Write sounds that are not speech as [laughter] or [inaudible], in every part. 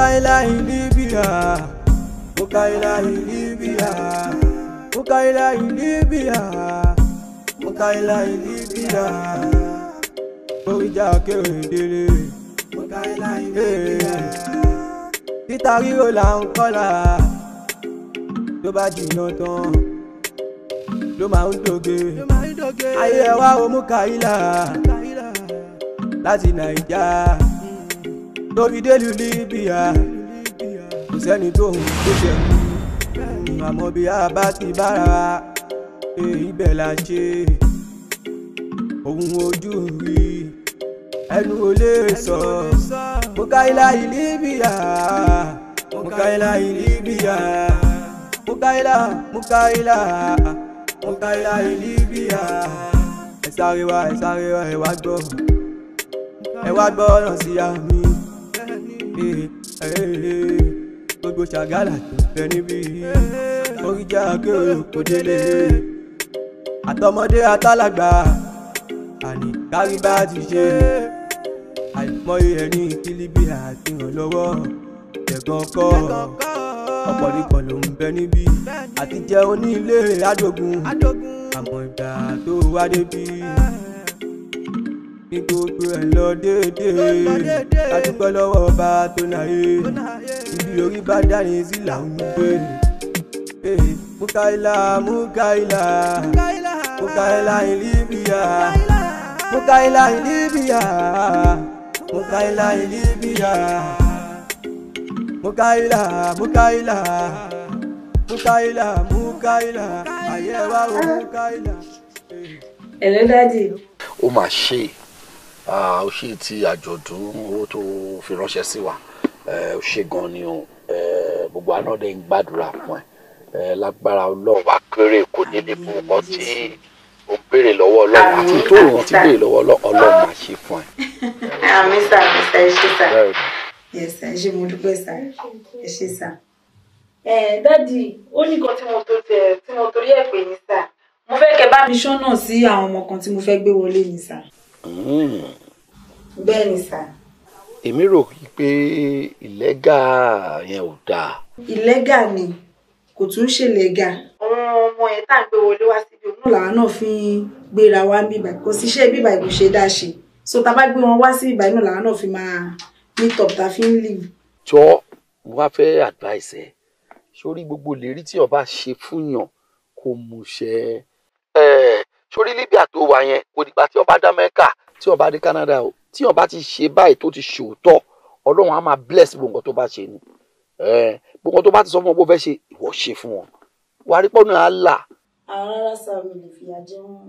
Ukaila in Libya, Ukaila in Libya, Ukaila in Libya, Ukaila in Libya. Oríjà kéré délé, Ukaila in Libya. Títa ríro là ń kọ́là, tó bá jìnnà tán, ló máa ń dòge. Ayé ẹ wá o Mukaila, láti Nàìjíríà lórí délù Libya kò sẹ́ni tó ń tó jẹ àmọ́ bí a bá ti bára wa ibẹ̀ la ṣe ohun ojú rí ẹnu ò lè sọ mo ká ilá yìí Libya mo ká ilá yìí Libya mo ká ilá mo ká ilá mo ká ilá yìí Libya ẹ sáré wá ẹ sáré wá ẹ wá gbọ́ ẹ wá gbọ́ ọ̀nà sí àmì gbogbo ṣàgálà bẹ níbí oríjà akéwì kò délé àtọmọdé àtàlàgbà àní kárí bá ti ṣe àìmọye ẹni kílíbí àti ìrànlọ́wọ́ ẹ̀gbọ́n kọ́ ọ̀pọ̀lọpọ̀ ló ń bẹ níbí àti jẹ́ onílé àdógún àmọ́ ìgbà tó wá débí kí gbogbo ẹ̀ lọ déédéé adúpẹ́ lọ́wọ́ ọba tó náyé ibi orí bá dání sí là gbé mukaila mukaila mukaila in Libya mukaila in Libya mukaila in Libya mukaila mukaila mukaila mukaila ayé wa wo mukaila. ẹ̀lẹ́ dáàdi. ó mà ṣe é ó ṣe ti àjọ̀dún owó tó fi ránṣẹ́ sí wa ó ṣe gan ni o gbogbo àná dẹ̀ ń gbàdúrà fún ẹ lágbára ọlọ́run wá kéré kò ní lè mú ọkọ tí ó béèrè lọ́wọ́ ọlọ́run àti tó òun ti béèrè lọ́wọ́ ọlọ́run máa ṣe fún ẹ. àmì sá àmì sá ẹ ṣe sá yẹsà ẹ ṣe mo dúpẹ́ sá ẹ ṣe sá. ẹ dádì ó ní kan tí mo tó tẹ tí mo torí ẹ pè ní sá mo fẹ́ kẹ́ bá mi ṣọ́nà sí àwọn ọmọ kan tí mo fẹ́ gbé wọlé ní sá. Mm. bẹ́ẹ̀ni sà. èmi rò pé ìlẹ́gà yẹn ò dáa. ìlẹ́gà ni kò tún ṣe lẹ́gà. àwọn ọmọ ẹ̀ tá à ń gbé wọlé wá síbi òun náà làwọn náà fi ń gbéra wá bíbà kò sí iṣẹ́ bíbà kò ṣe dá ṣe so tá a bá gbé wọn wá sí ìbàyìí náà làwọn náà fi máa meet up fi ń live. jọ wá fẹ́ advice ẹ sórí gbogbo ìlérí tí ọba ṣe fún yàn kó mú ṣẹ sórí Libya tó wà yẹn kò dìgbà tí wọ́n bá dá Mẹ́kà tí wọ́n bá dé Canada o tí wọ́n bá ti ṣe báyìí tó ti ṣòótọ́ Ọlọ́run á máa bless gbogbo nǹkan tó bá ṣe ni gbogbo nǹkan tó bá ti sọ fún wọn bó fẹ́ ṣe ìwọ ṣe fún wọn wà á rí pọ́nù á là. àrárá sàmì lè fi àjẹ wọn.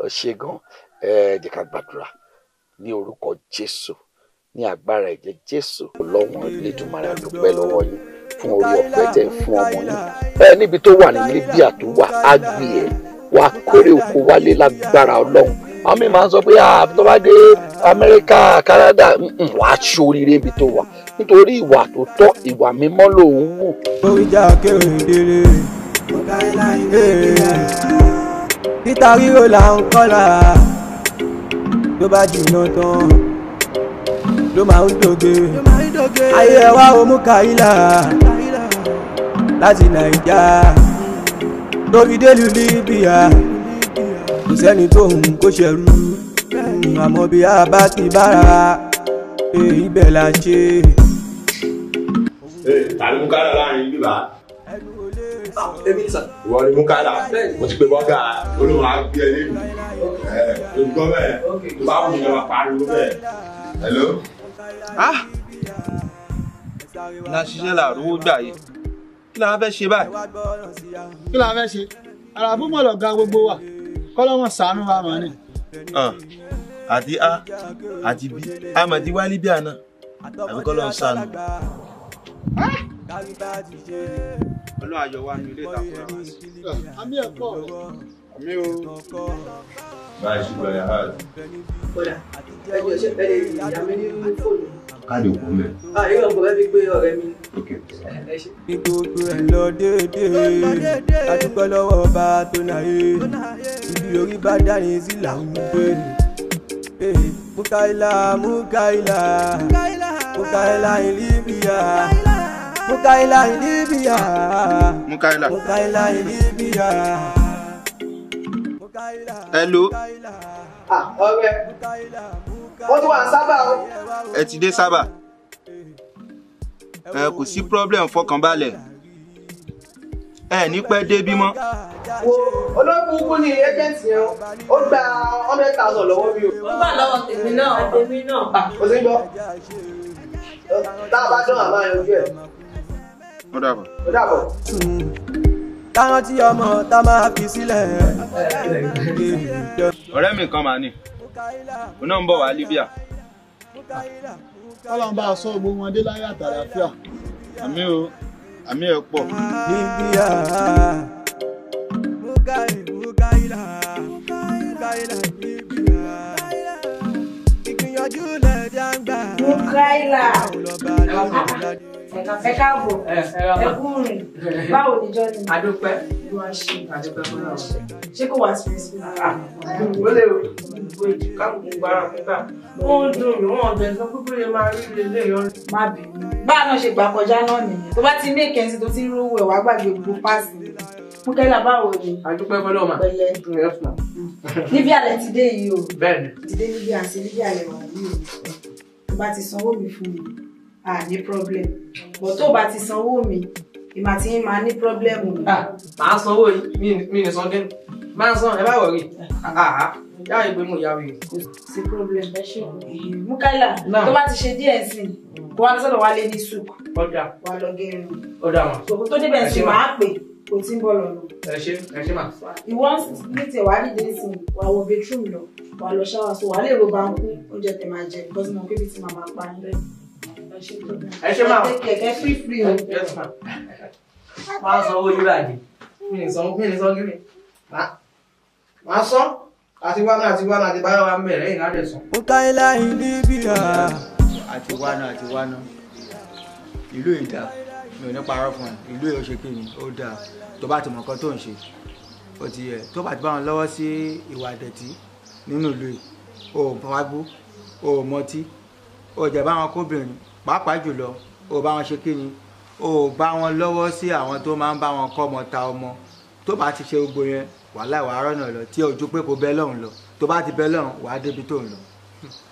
ó ṣe gan jẹ́ ká gbàdúrà ní orúkọ Jésù ní agbára ẹ̀jẹ̀ Jésù Ọlọ́run Elédùmarè dúpẹ́ lọ́wọ́ yín fún orí ọ̀fẹ́ fún ọmọ yín ẹ níbi tó wà ní Libya tó wà e, á gbé ẹ wàá kórè oko wálé lágbára Ọlọ́run àwọn míì máa ń sọ pé tó bá dé Amẹ́ríkà Canada wàá ṣoríire ibi tó wà nítorí ìwà tó tọ́ ìwà mímọ́ lòun wù. oríjà kéwì délé níta ríro là ń kọ́là tó bá jìnnà tán ló máa ń dòge ayé ẹ wá omú kàílà láti nàìjà torí délùú Libya kò sẹ́ni tó ń kó ṣẹ̀rú àmọ́ bí a bá ti bára ibẹ̀ la ṣe. tàbí mú kára láàrin bíbá ìwọ ni mú kára mo ti pe bọ́gà olóhùn àgbẹ̀ ẹ̀ lẹ́nu ẹ̀ olùkọ́ bẹ́ẹ̀ tó bá wù yẹn wà pariwo bẹ́ẹ̀ hello. Ah! láṣiṣẹ́ làrúwó gbà yìí kí la fẹ́ ṣe báyìí. kí la fẹ́ ṣe àràbù mọ̀ lọ́gá gbogbo wa kọ́lọ́mọ̀ sànú wa mọ̀ ni. àti a àti b amadi wálé bí àná àbí kọ́lọ́mọ̀ sànú. ọlọ́run ayọ̀ wa ní ilé ìtàkùn rẹ̀ àmì ẹ̀kọ́ rẹ̀ mi ò. báyìí ṣùgbọ́n ẹ̀ ha. kódà ẹjọ́ ṣe pẹ́lẹ́ ìyá mi ní fóònù. káàdì òkú mẹ́. àyè ọ̀gbọ́n bẹ́ẹ̀ fi pé ọ̀rẹ́ mi. ní gbogbo ẹ̀ lọ déédéé adúpẹ́ lọ́wọ́ ọba tó náyé ibi orí bá dání sí làwọn gbé. Eh, Mukaila, Mukaila, Mukaila in Libya. Mukaila in Libya. Mukaila. Mukaila in Libya hello. Ah, ọ̀rẹ́ wọ́n tún wà ní sábà o. ẹ ti dé sábà ẹ kò sí problem fọkànbalẹ̀ ẹ ní pẹ́ débí mọ́. wo olóògùn kú ní ẹjẹǹtì yẹn ó gba hundred thousand lọ́wọ́ mi o. ó gbà lọ́wọ́ tèmi náà tèmi náà. o ti gbọ́ tá a bá dán àbá yẹn ojú ẹ̀. ó dàbọ̀. ó dàbọ̀. Hmm táwọn tí ọmọ tá máa fi sílẹ̀. ọ̀rẹ́ mi kan màá nì òun náà ń bọ̀ wá Libya. ọlọ́run bá a sọ gbogbo wọn dé láyé àtàlàfíà. àmì o àmì ẹ̀ pọ̀. Libya Mukaila Mukaila Mukaila Libya ìgbìyànjú lẹ̀ dá ń gbà. Mukaila ẹ káàbọ̀ ẹ kúrin báwo níjọ́ ni. adúpẹ́ adúpẹ́ fúnra o. ṣé kò wá sí ẹ sí. Ah, ah, ó lè o gbogbo ìdí káàkiri gbára pípa ó ń dùn mí wọn ọ̀dẹ̀ sọ pé lè máa rí ilé ilé yọ. má bínú bá a náà ṣe gbà kọjá náà nìyẹn tó bá ti ní ìkẹ́sì tó ti ń rówó ẹ̀ wá gbàgbé gbogbo páàsì Múkẹ́lá báwo ni? Adúpẹ́ bọ́lá ọmọ. Pẹ̀lẹ́. Ẹ fún ọ. Níbi àlẹ́ ti dé yìí o. Bẹ́ẹ̀ni. Ti dé níbi àti níbi àlẹ́ wà yìí o. Tó bá ti sanwó mi fún mi ah, ní problem bọ̀ tó o bá ti sanwó mi ìmọ̀ àti yín máa ní problem. màá sanwó yìí mi ní sunday máa san ẹ bá wọ̀ rí yá ìgbé mú ìyá mi. kò sí problem ẹ ṣe Mukaila tó bá ti ṣe díẹ̀ sí i kó wá sọ̀rọ̀ wá lé ní sùk. ọ̀dà wà lọ gẹ̀rùn. ọ̀dà wọn. tòkó tó débẹ̀ sí máa pè kò tí ń bọ̀ lọ́nà. ẹ ṣe ẹ ṣe mà. ìwọ ní tiẹ̀ wàá dìde sí i wà wọ bedroom lọ wà lọ ṣáwà so wà lè ro bá ń kú oúnjẹ tẹ̀ máa jẹ because mo pé bí ti màmá pa ń lẹ́yìn ẹ ṣe máa kẹ̀kẹ́ free free o. máa san owó yúrà jì mí ní san mí ní san gírí máa san àti wánà àti wánà àti báyọ̀ wa ń bẹ̀rẹ̀ ìlà rẹ̀ sàn. ó táyé láyé Libya. àti wánà àti wánà ìlú ìdá mi ò ní parọ́ fún ẹ ìlú èyí ó ṣe kíni ó dáa tó bá ti mọ̀ nǹkan tó ń ṣe ó ti yẹ tó bá ti bá wọn lọ́wọ́ sí ìwà àdẹ̀tí nínú ìlú yìí o ò fagbó o ò mọtí o ò jẹ̀ bá wọn kóbìnrin pàápàá jùlọ o bá wọn ṣe kí ni o bá wọn lọ́wọ́ sí àwọn tó máa ń bá wọn kọ́ ọmọ ta ọmọ tó bá ti ṣe gbogbo yẹn wàhálà ìwà arọ́nà lọ tí ojú pé kò bẹ́ lọ́hùn lọ tó bá ti bẹ́ lọ́hùn wàá débi tó ń lọ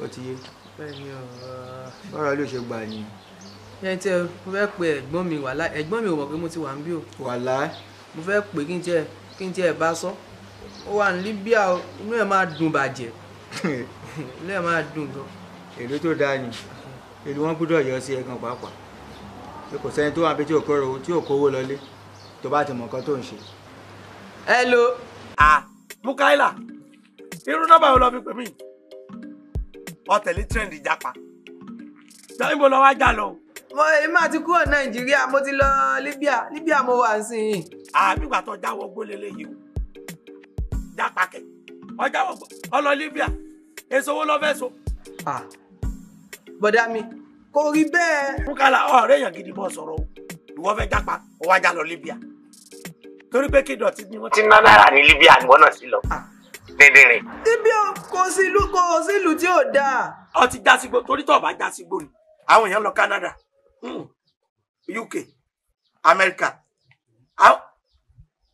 ó ti yé bọ́rọ̀ ló ṣe gbà ni. yẹn tí ẹ mo fẹ́ pe ẹ̀gbọ́n mi wàhálà ẹ̀gbọ́n mi ò mọ̀ pé mo ti wà ń bí o. wàhálà. mo fẹ́ pè kí n tiẹ̀ kí n tiẹ̀ bá sọ ó wà ní Libya inú ẹ̀ máa dùn bàjẹ́ [laughs] inú ẹ̀ máa dùn gan. èlò tó dáa ni èlò wọn gbúdọ̀ yọ sí ẹ̀gàn pàápàá kò sẹ́ni tó wà pé tí òkòrò tí òkòwò lọlé tó bá ti mọ̀ nǹkan tó ń ṣe. hello ah Mukaila irú nọ́mbà wo lọ fi pè mí ọtẹlẹ trend japa jọyìn bó lọ wá já lọ. mo èmi àti kúrò nàìjíríà mo ti lọ libya libya mo wà nísìnyí. àmì ìgbà tó jáwọ́ gbólélé yìí o jápa kẹ ọjà ọlọ libya èso wo lọ fẹ́ so. ah bọ̀dá mi kò rí bẹ́ẹ̀. Bukala ọ̀rẹ́ èèyàn gidi bọ́ sọ̀rọ̀ o ìwọ fẹ́ jápa ó wá lọ Libya torí pé kí dọ̀tí ni wọ́n ti ná náírà ní Libya ìwọ náà sí lọ ah. dídìrín. Libya kò sí ìlú kò sí ìlú tí ò dáa. ọ ti já sígbó torí tó já sígbó ni àwọn èèyàn lọ Canada hmm, UK America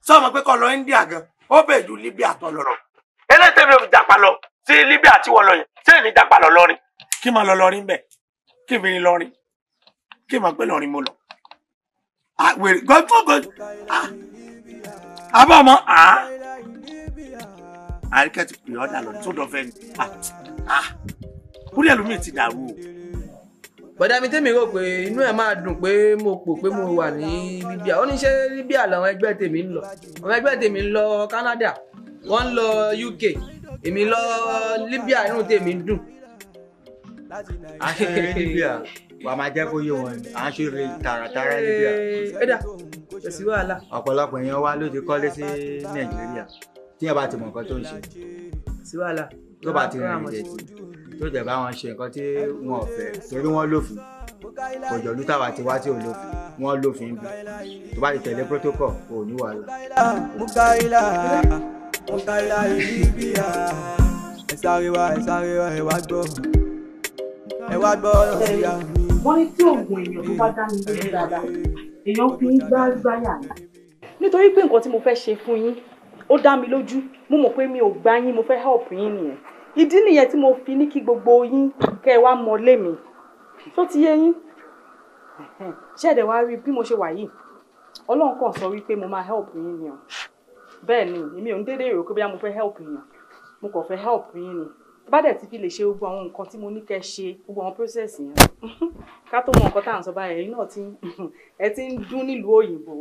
sọmọ pé kọ lọ India gan ó bẹ̀ ju Libya tó lọ rọ eléyìí tẹ̀lé jápa lọ sí Libya tí wọ́n lọ yẹn sẹ́yìn ní jápa lọ lọ́rin kí máa lọ lọ́rin bẹ́ẹ̀ kí mi ní lọrin kí n máa pé lọrin mo lọ àwèrè gbọgbọgbọ abọ́mọ à àríkẹ́ ti pè ọ́ dà lọ tó dọ̀fẹ́ ni kúrẹ́ lómi ti dàrú o. bọ̀dá mi tèmi rò pé inú ẹ̀ máa dùn pé mo pò pé mo wà ní Libya ó ní ṣé Libya làwọn ẹgbẹ́ tèmi ń lọ àwọn ẹgbẹ́ tèmi ń lọ Canada wọ́n ń lọ UK èmi lọ Libya inú tèmi ń dùn à ń ṣeré libya wà á máa jẹ́ kó yé wọn à ń ṣeré tààràtààrà libya. ẹ dà kò sí wàhálà. ọ̀pọ̀lọpọ̀ èèyàn wa ló ti kọ́lé sí nàìjíríà tí ẹ bá ti mọ nǹkan tó ń ṣe. sí wàhálà. tó bá ti rìn ìdẹ̀tì tó jẹ̀ bá wọn ṣe nǹkan tí wọn ò fẹ́ torí wọ́n lófin kòjọ lútà wà tí wá tí ò lófin wọ́n lófin bí tó bá ti tẹ̀lé protocol kò ní wàhálà. ẹ sáré wá ẹ sáré wá ẹ wá gbọ́ ẹ wá gbọ́ ìyá mi. wọ́n ní tí oògùn èèyàn tó bá dá mi lórí dáadáa èèyàn fi ń gbá gbáyà ni. nítorí pé nǹkan tí mo fẹ́ ṣe fún yín ó dá mi lójú mo mọ̀ pé mi ò gbá yín mo fẹ́ help yín nìyẹn ìdí nìyẹn tí mo fi ní kí gbogbo yín kẹ́ ẹ wá mọ lé mi tó ti yé yín ṣẹ̀dẹ̀ wá rí bí mo ṣe wà yìí ọlọ́run kàn sọ wípé mo máa help yín ni o bẹ́ẹ̀ ni èmi ò ń dédé èrò pé bí mo fẹ́ help yín mo kàn fẹ́ help yín ni tó bá dẹ̀ ti fi lè ṣe gbogbo àwọn nǹkan tí mo ní kẹ́ ṣe gbogbo àwọn process yẹn [laughs] ká tó mọ nǹkan tá à ń sọ báyìí ẹ̀yin náà ti [laughs] ẹ ti ń dún nílùú òyìnbó.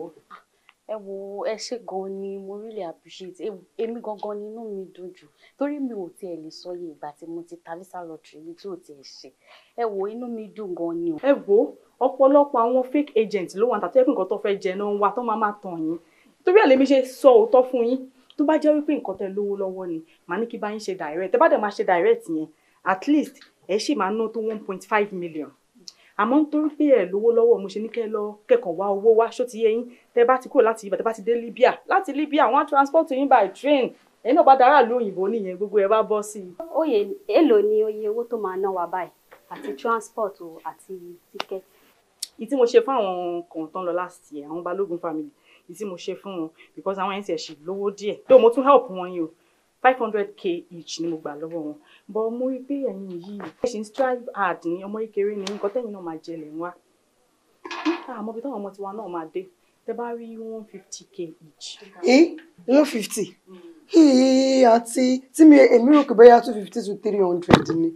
ẹ wo ẹ ṣe gan ni mo really appreciate èmi gangan ni inú mi dùn jù torí mi ò tiẹ̀ lè sọ iye ìgbà tí mo ti ta visa lottery mi tí ò tiẹ̀ ṣe ẹ wo inú mi dùn gan ni o. ẹ wo ọ̀pọ̀lọpọ̀ àwọn fake agents, ló wà tàbí ẹkùn kan tó fẹ́ jẹ náà wà tó máa máa tàn yín torí ẹ lèmi ṣe sọ òótọ́ fún yín tó bá jẹ́ wípé nǹkan tẹ́ lówó lọ́wọ́ ni màá ní kí bá yín ṣe direct tẹ́ bá dẹ̀ máa ṣe direct yẹn at least ẹ ṣì máa ná tó one point five million àmọ́ nítorí pé ẹ lówó lọ́wọ́ mo ṣe ní kẹ́ lọ kẹ́kọ̀ọ́ wá owó wá ṣó ti yé yín tẹ́ bá ti kúrò láti ibà tẹ́ bá ti dé Libya láti Libya wọ́n á transport yín by train ẹ̀yin náà bá dára ìlú òyìnbó nìyẹn gbogbo ẹ bá bọ́ sí i. oyè èèlò ni oye owó tó máa ná wa báyìí àti transport o àti ticket. ìtí mo ṣe fún àwọn kan lọ last year àwọn balógun family tí mo ṣe fún wọn because àwọn ẹ̀ńtì ẹ̀ṣì lówó díẹ̀ tó mo tún help wọn yìí o five hundred k each ni mo gbà lọ́wọ́ wọn but mo rí pé ẹ̀yin yìí ẹ̀ ṣì ń strive hard ní ọmọ kékeré ní nǹkan tẹ́yìn náà máa jẹlẹ̀ wá àmọ́ bí táwọn ọmọ tiwa náà máa dé tẹ bá rí one fifty k each. ẹ one fifty àti tí mi èmi rò pé bóyá two fifty to three hundred ni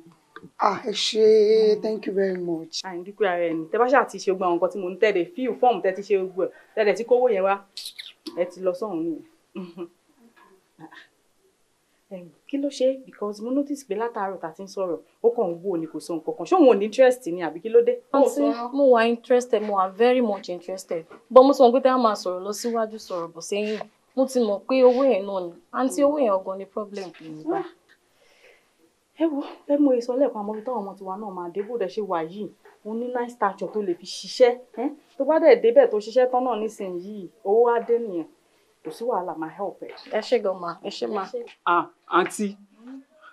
ah ẹ thank you very much. à ń dúpẹ́ ara ẹni tẹ bá ṣáà ti ṣe gbogbo àwọn nǹkan tí mo ń tẹ̀lé fíìl fọ́ọ̀mù tẹ ti ṣe gbogbo ẹ̀ tẹ̀lé tí kówó yẹn wá ẹ ti lọ sọ́hún nìyẹn. [laughs] kí ló ṣe because mo notice pé látàárọ̀ tá a ti ń sọ̀rọ̀ ó kàn ń wò ni kò sọ nǹkan kan ṣé òun ò ní interest ni àbí kí ló dé. mo wà interested mo wà very much interested but mo sọ pé tá a máa sọ̀rọ̀ lọ síwájú sọ̀rọ̀ bọ̀ sẹ́yìn mo ti mọ̀ pé owó yẹn náà ni àǹtí owó yẹn ọ̀gàn ni problem kì í nípa ẹ wo ẹ mú èso lẹ́ẹ̀kan àmọ́ ibi táwọn ọmọ tiwa náà máa dé bó dẹ̀ ṣe wà yìí òun ní nice stature tó lè fi ṣiṣẹ́ tó bá dẹ̀ débẹ̀ tó ṣiṣẹ́ tán náà nísìnyìí owó á dé nìyẹn kò sí wàhálà máa help ẹ. ẹ ṣe gan ma ẹ ṣe ma. àǹtí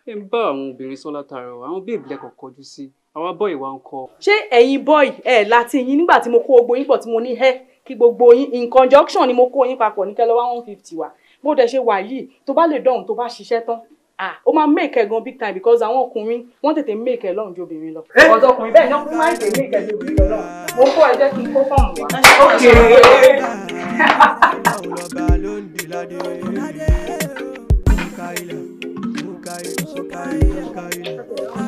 ẹ ń bá àwọn obìnrin sọ látara ọ àwọn bèbí lẹkọọ kọjú sí àwa bọ́ọ̀ì wa ń kọ. ṣé ẹ̀yin bọ́ọ̀ì ẹ̀ láti yín nígbà tí mo kó gbogbo yín pọ̀ tí mo ní hẹ́ kí gbogbo yín in conjunction ni mo kó yín papọ̀ ní kẹ́lọ́wá one fifty wa bó dẹ̀ ṣe wà yìí tó bá lè dọ̀hún tó bá ṣiṣẹ́ tán Ah. ó máa make ẹ gan big time because àwọn ọkùnrin wọ́n tètè make ẹ lọ́rùn ju obìnrin lọ. ọ̀dọ́ eh? ọkùnrin bẹ́ẹ̀ náà máa ń tètè make ẹ ju obìnrin lọ. mo kó ẹ jẹ́ kí n kó fọ́ọ̀mù wá. Okay.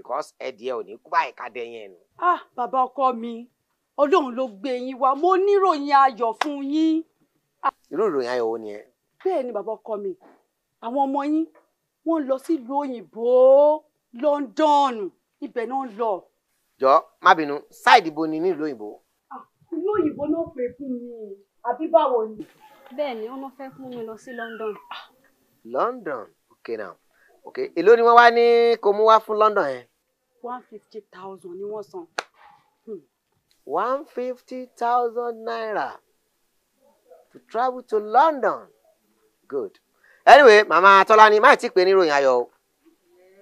because ẹdìẹ ò ní kú báyìí ká dẹyìn ẹnu. ah bàbá ọkọ mi ọlọ́run ló gbé yín wá mo níròyìn ayọ̀ fún yín. Ah. irú ìròyìn ayọ̀ wo ni ẹ. bẹ́ẹ̀ ni bàbá ọkọ mi àwọn ọmọ yín wọ́n lọ sílùú òyìnbó London ibẹ̀ náà lọ. jọ má bínú ṣáìdì bo ni nílùú òyìnbó. Ah, ìlú òyìnbó náà pè fún mi àbí báwo ni. bẹ́ẹ̀ ni wọ́n fẹ́ fún mi lọ sí London. Ah, London okay now okay èló ni wọ́n wá ní kó mú wá fún London yẹn one fifty thousand ni wọ́n san. Hmm. one fifty thousand naira to travel to London good anyway màmá Tọ́lá ni má ti pè ní ìròyìn ayọ̀ o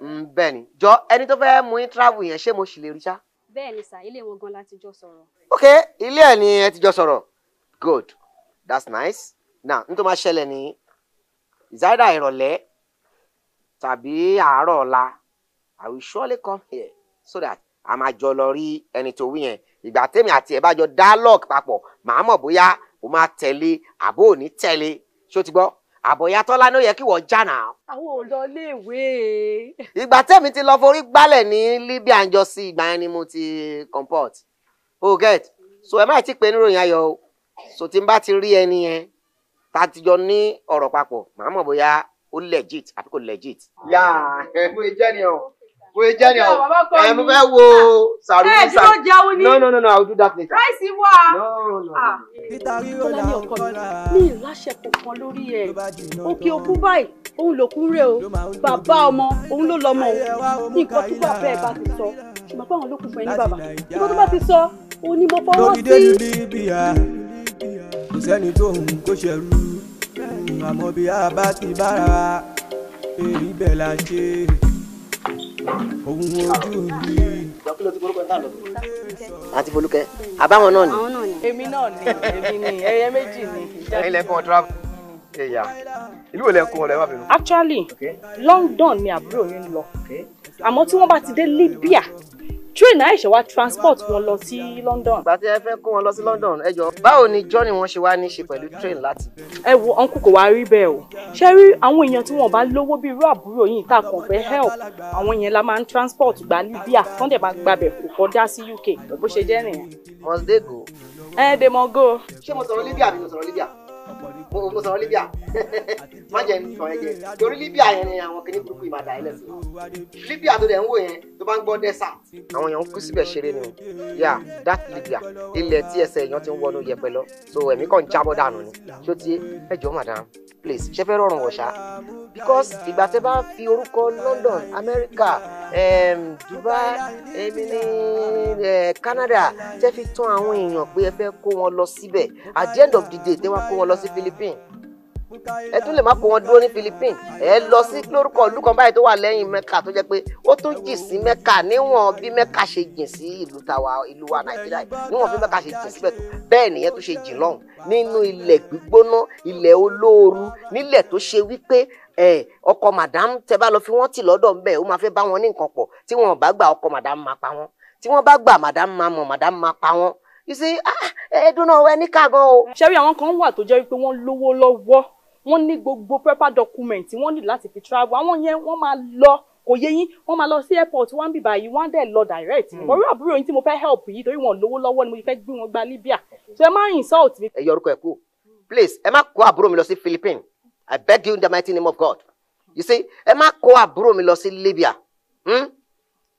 hmm, bẹ́ẹ̀ ni jọ ẹni tó fẹ́ mú yín travel yẹn ṣé mo sì lè rí sá. bẹ́ẹ̀ ni sà ilé wọn gan la jọ sọ̀rọ̀. ok ilé ẹ̀ ni ẹ ti jọ sọ̀rọ̀ good that's nice now n tó máa ṣẹlẹ̀ ní ìzáìdá ìrọ̀lẹ́ tàbí àárọ̀ ọ̀la I will surely come here so that a máa jọ lọ rí ẹni tó wí yẹn ìgbà tèmi àti ẹ̀ bá jọ dialogue papọ̀ màá mọ̀ bóyá o máa tẹ̀lé àbó ò ní tẹ̀lé ṣó ti gbọ́ àbọ̀yá tọ́lá ló yẹ kí wọ́n jà náà. àwọn ò lọ léèwé. ìgbà tèmi ti lọ forí gbálẹ̀ ní Libya ń jọ sí ìgbà yẹn ni mo ti comport o oh, get so ẹ má ti pè níròyìn ayọ̀ o so tí n bá ti rí ẹni yẹn tá a ti jọ ní ọ̀rọ̀ papọ̀ màá mọ̀ bóyá ó legit àbí kò legit. yà ẹ̀ fún ìjẹ́ni ọ̀ kò yẹ jẹ́ ẹ mo fẹ́ wo sàrú ní sàrú no no no no I will do that later. ráìsì wà nítorí ó là ń kọ́ la lórí ẹ òkè òkú báyìí òun lòkún rè o bàbá ọmọ òun ló lọmọ o nǹkan tó bàbá ẹ bá ti sọ ṣùgbọ́n pé àwọn olókùn fún ẹ ní bàbá nǹkan tó bá ti sọ òun mo fọwọ́ sí. lórílẹ̀ Libya kò sẹ́ni tó hùn kó ṣẹ̀rú àmọ́ bí a bá ti bára èyí bẹ̀ la ṣe ohun ojú mi. àti Folúkẹ́ àbáwọn náà ni. èmi náà ni èmi ni ẹyẹ méjì ni. ẹ̀yin lẹ fún ọ tíra ẹyà ìlú wo lẹ kó wọn lẹ wá bínú. actually London ni àbúrò yín lọ àmọ́ tí wọ́n bá ti dé Libya train náà ṣe wá transport wọn lọ sí London. ìgbà tí ẹ fẹ́ kó wọn lọ sí London ẹ jọ báwo ni journey wọn ṣe wá ní ṣe pẹ̀lú train lati. ẹ wo uncle kò wá rí bẹ́ẹ̀ o ṣé rí àwọn èèyàn tí wọ́n bá lówó bíi irú àbúrò yìí tá a kàn help àwọn yẹn la máa ń transport gba Libya tán dẹ̀ máa gbabẹ̀ kó kọjá sí UK bó ṣe jẹ́ nìyẹn. must they go. eh, they must go. ṣé mo sọ̀rọ̀ Libya àbí mo sọ̀rọ̀ Libya mo sọ̀rọ̀ Libya [laughs] má jẹ́ sọ ẹ jẹ torí Libya yẹn ni àwọn kìnnìún burúkú ìmàdà ẹ lẹ́sìn Libya tó dẹ̀ ń wò yẹn tó bá ń gbọ́ dẹ́sà àwọn èèyàn ń kú síbẹ̀ ṣeré ni yà that Libya ilẹ̀ tí ẹsẹ̀ èèyàn ti ń wọnú yẹpẹ lọ so ẹ̀mí kàn ń jábọ́ dànù ni ṣó ti ẹ jọ madam please ṣe fẹ́ rọrùn ọ̀ṣà because ìgbà tẹ bá fi orúkọ London America um, Dubai emini uh, eh, Canada tẹ fi tán àwọn èèyàn pé ẹ fẹ́ kó wọn lọ síbẹ̀ at the end of the day tẹ wá kó wọn lọ sí Philippines. Philippines ẹ tún lè má kó wọn dúró ní Philippines ẹ lọ sí lórúkọ ìlú kan báyìí tó wà lẹ́yìn Mẹ́kà tó jẹ́ pé ó tún jìn sí Mẹ́kà níwọ̀n bí Mẹ́kà ṣe jìn sí ìlú tàwa ìlú wa Nàìjíríà níwọ̀n bí Mẹ́kà ṣe jìn síbẹ̀ tó bẹ́ẹ̀ nìyẹn tó ṣe jìn lọ́hùn nínú ilẹ̀ gbígbóná ilẹ̀ olóoru nílẹ̀ tó ṣe wípé ẹ ọkọ madam tẹ bá lọ fi wọn tì lọ́dọ̀ ńbẹ ó máa fẹ́ bá wọn ní nǹkan pọ̀ tí wọn bá gbà ọkọ madam máa pa wọn tí wọn bá gbà madam máa mọ madam máa pa wọn you see ah ẹdun náà ẹni ká gan o. ṣé rí àwọn kan wà tó jẹ́ wípé wọ́n lówó lọ́wọ́ wọ́n ní gbogbo proper document wọ́n ní láti fi travel àwọn yẹn wọ́n máa lọ kò yé yín wọ́n máa lọ sí airport wọ́n bì báyìí wọ́n á dẹ̀ lọ direct orí hmm. àbúrò yín tí mo fẹ́ help yìí torí wọ́n lówó lọ́wọ́ ni mo fẹ́ gbé wọn gba Libya so ẹ má insult mi. ẹ yọ orúkọ ẹ kú please ẹ má kó àbúrò mi lọ sí Philippines I beg you in the mighty name of God you see ẹ má kó àbúrò mi lọ sí Libya hmm?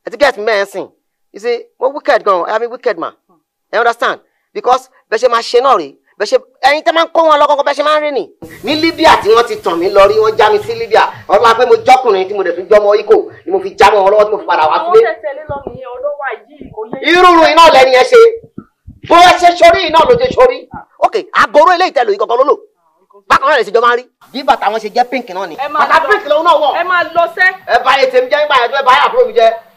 ẹ ti get mẹ́ẹ̀sìn you see what wicked gan I am a wicked man you understand because bẹ́ẹ̀ ṣe máa ṣe náà rèé bẹ́ẹ̀ ṣe ẹ̀yin tẹ́ máa ń kó wọn lọ́kọ́kọ́ bẹ́ẹ̀ ṣe máa ń rìn ni. ní Libya tí wọ́n ti tàn mí lọ rí wọ́n já mi sí Libya ọlọ́wà pé mo jọ́kùnrin tí mo dẹ̀ tún jọmọ Ìgbò ni mo fi já mọ́ wọn lọ́wọ́ tí mo fi padà wá sílé. irúurú iná lẹ́ni yẹn ṣe bó ẹ ṣe sórí iná ló ṣe sórí. ok agoro eléyìí tẹ lóyún kankan ló lò bákan náà lè ṣe jọ máa rí. bí bàtà wọn ṣe jẹ́ pink náà ni bàtà pink lòun náà wọ̀. ẹ máa lọ sẹ́. ẹ bá yẹ tèmi jẹ́ nígbà yẹn tó ẹ bá yẹ àbúrò mi jẹ́.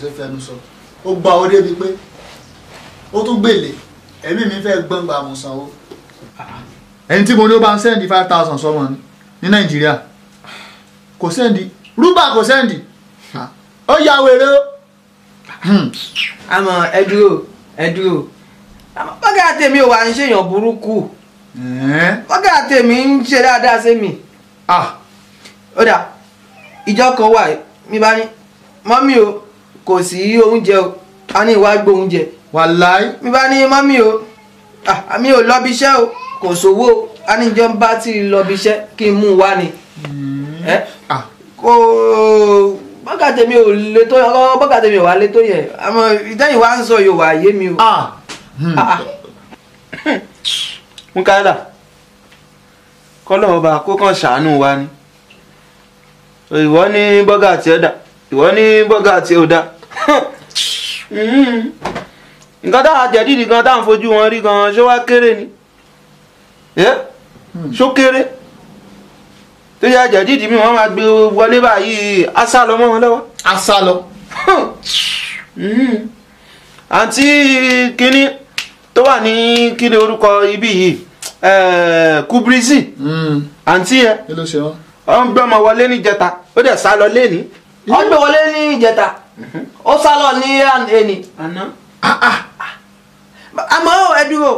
ṣe fẹnu sọ ó gba ọ débi pé ó tún gbèlè ẹ̀mí mi fẹ́ gbọ̀ngbà àmùsàn o. ẹni tí mo ní ó bá ń sẹ́ndì five thousand sọ́mọ ní nàìjíríà kò sẹ́ndì rúbà kò sẹ́ndì ó ya wèrè o. àmọ́ ẹ dúró ẹ dúró bọ́gà tèmi ò wá ń ṣèyàn burúkú bọ́gà tèmi ń ṣe dáadáa sí ah. ó dà ìjọ kan wà mi bá ní mọ́mí o kò sí oúnjẹ o a ní ìwà gbọ́ oúnjẹ. wàláì. mi bá ní mọ́mí o àmì ò lọ́bi iṣẹ́ o kò sówó o a ní jọ ń bá tí ì lọ́bi iṣẹ́ kí n mú un wá ni. Hmm. kò bọ́kàtẹ́ mi ò lè tó yẹ ọ́ bọ́kàtẹ́ mi ò wá lè tó yẹ àmọ́ ìtẹ́yìn wá ń sọ yóò wá yé mi o. Múkáílà hmm. hmm. [coughs] kọ́lọ́ ọba kó kàn ṣàánú wa ni ìwọ ní bọ́gà tí ó dá ìwọ ní bọ́gà tí ó dá. Hmm. nǹkan táwọn àjẹdídì gan táwọn fojú wọn rí gan ṣé wá kéré ni eh? hmm. ṣó kéré tó yẹ àjẹdídì mi wọn máa gbé wọlé báyìí asálọ mọ wọn lọ́wọ́. asálọ. Hmm. àǹtí kínní tó wà ní kíni orúkọ ibí yìí eh, kúbírísì àǹtí ẹ ọ ń gbé ọmọ wọlé níjẹta ó dẹ̀ sá lọ lé ní. ó ń gbé wọlé níjẹta. ó sá ana ah ah, ah. àmọ́ ẹ dúró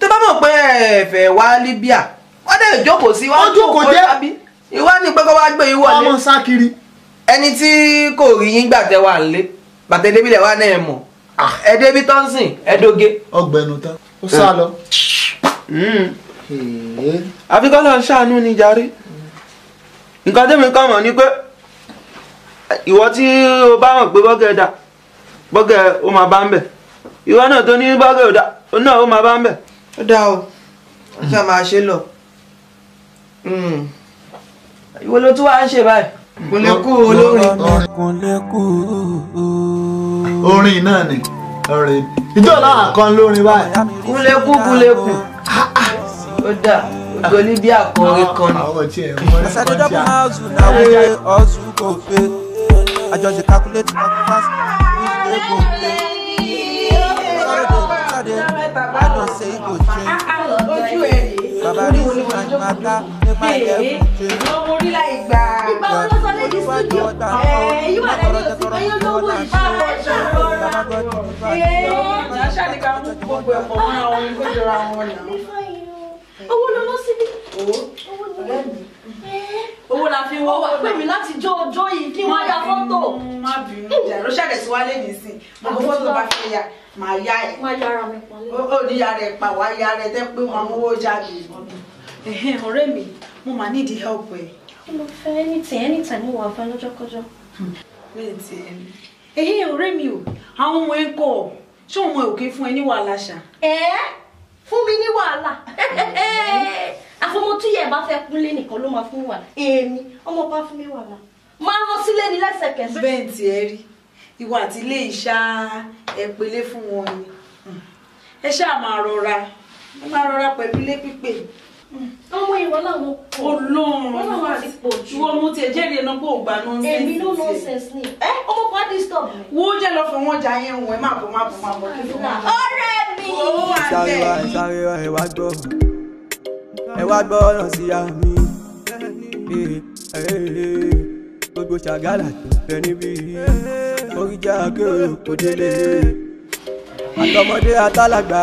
tó bá mọ̀ pé ẹ̀fẹ̀ wá Libya wọ́n dẹ̀ jókòó sí wọ́n ko jábí iwa ni pé kó wá gbé ìwọ lé. ọmọ sá kiri. ẹni tí kò rí yín gbàtẹ́ wà lé gbàtẹ́ débi lẹ̀ wá náà ẹ̀ mọ̀ ah. ẹ débi tó ń ìwọ tí o bá hàn pé bọ́gẹ̀ dà bọ́gẹ̀ ó máa bá ń bẹ̀ ìwọ náà tó ní bọ́gẹ̀ náà ó máa bá ń bẹ̀. ó dá o ó fẹ́ máa ṣe lọ. Hmm. ìwọ ló tún wá ń ṣe báyìí. kùnlẹ́kù olórin. kùnlẹ́kù orin náà ni orin ìjọ náà lórin báyìí. kùnlẹ́kù kùnlẹ́kù ó dà goli bí kan ni. àwọn tí ẹ mọ ẹ kọjá. I just calculate my past. Which day go play? Saturday, Saturday. I don't say it go change. Baba Risi and Mata, they might get change. Ìgbà wo ló sọ lédi studio? Ẹ̀yin wà lẹ́yìn òsì pé yóò lówó ìṣòro ṣàrọ̀ra. Ẹ̀ẹ́n ìjà ṣàdìgá mú gbogbo ẹ̀fọ́ mọ́ra wọn kó jọra wọn nà. Owó ló lọ síbí. Owó ló lọ síbí owó la fi wọ́n wọ́n pè mí láti jó ọjọ́ yìí kí wọ́n ya fọ́tò. má bínú ìjà ló ṣàkẹ́sí wálé nìí sìn mo fọ́tò bá fẹ́ ya màá yá ẹ̀. wọ́n yára mi pa lẹ́yìn. ó ní yára ẹ̀ pa wàá yára ẹ̀ tẹ́ pé wọ́n mówó jáde. ọ̀rẹ́ mi mo máa need help ẹ̀. mo fẹ́ anything anytime wà fẹ́ lọ́jọ́kọ́jọ́. Hmm. ọ̀rẹ́ mi o àwọn ọmọ ẹ̀ ṣé ọmọ ẹ̀ òkè fún ẹ ní wàhálà ṣá. ẹ̀ẹ́ fún mi ní wàhálà [laughs] àfọmọ tí yẹ bá fẹ́ kúnlé nìkan ló máa fún wàhálà èmi ọmọ bá fún mi wàhálà máa rán sílé ní lẹ́sẹ̀kẹsẹ̀. bẹ́ẹ̀ tí ẹ rí ìwà àti ilé ìṣá ẹ pẹ̀lẹ́ fún wọn ni ẹ ṣáà máa rọra máa rọra pẹ̀lú ilé pípé ọmọ ìwọ làwọn pọ̀ olóhùn wọn làwọn ti pọ̀ jù wọn mú tiẹ̀ jẹ́rìí ẹnu pé ògbà nonsense èmi ló nonsense ni ẹ ọmọ pa disturb mi. wo jẹ́ lọ fọ wọn jà yẹn wọ̀ ẹ má bọ̀ má bọ̀ má bọ̀ kí ló máa. ọ̀rẹ́ mi. sáré wa sáré wa ẹ wá gbọ́ ẹ wá gbọ́ ọ̀nà sí àmì gbogbo ṣàgálà tó fẹ́ níbí orí jẹ́ àgérò kò àtọmọdé àtàlàgbà.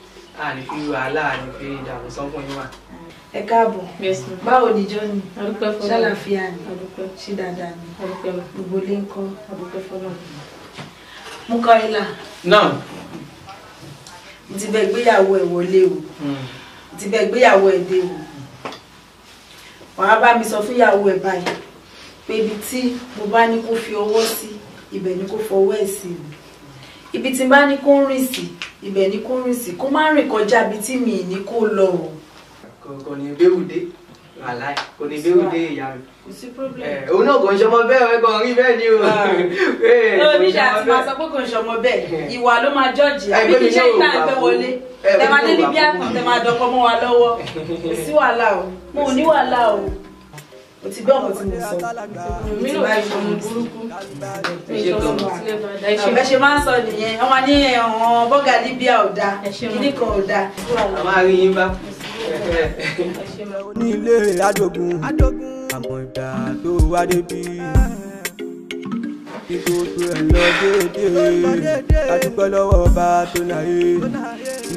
àní fi wàhálà àní fi ìdààmú sọ́kùn yín wà. ẹ káàbọ̀ báwo ni jọ́ni ṣàlàfíà ni ṣì dáadáa ni gbogbo ilé ń kọ́ mú kọ́ ilà. náà. mo ti bẹ gbéyàwó ẹ̀ wọlé o hmm. mo ti bẹ gbéyàwó ẹ̀ dé o wàá bá mi sọ fún ìyàwó ẹ̀ báyìí pé ibi tí mo bá ní kó fi ọwọ́ sí ibẹ̀ ni kó fọwọ́ ẹ̀ sí ibi tí n bá ní kó ń rìn sí ibẹ̀ ni kó rìn sí kó má rìn kọjá ibi tí mi ní kó lọ o. kò ní béwùdé wàláì kò ní béwùdé ìyá mi. kò sí problem. òun náà kò ń ṣọmọ bẹ́ẹ̀ ẹ̀ kàn rí bẹ́ẹ̀ ni o. Ah. [laughs] olómi ṣe àti máa sọ pé kò ń ṣọmọ bẹ́ẹ̀ [laughs] ìwà ló máa jọ́ọ̀jì e. àbí kí iṣẹ́ ìta ẹgbẹ́ wọlé tẹ máa dé níbi àkàn tẹ máa dọ́kọ mọ́ wa lọ́wọ́ [laughs] kò sí wàhálà o mo ò ní wàhálà o o ti gbọ́ ọ̀kan tí mo sọ mi ti bá ìṣe ọmọ burúkú ẹ ṣe máa ń sọ nìyẹn ọmọ ní ọ̀hún bọ́gà libya ò dáa kíní kan ò dáa. àwọn arìnrìn bá. onílé adogun àmọ́ ìgbà tó wá débi kí gbogbo ẹ̀ lọ déédéé adúpẹ́ lọ́wọ́ ọba tó náyé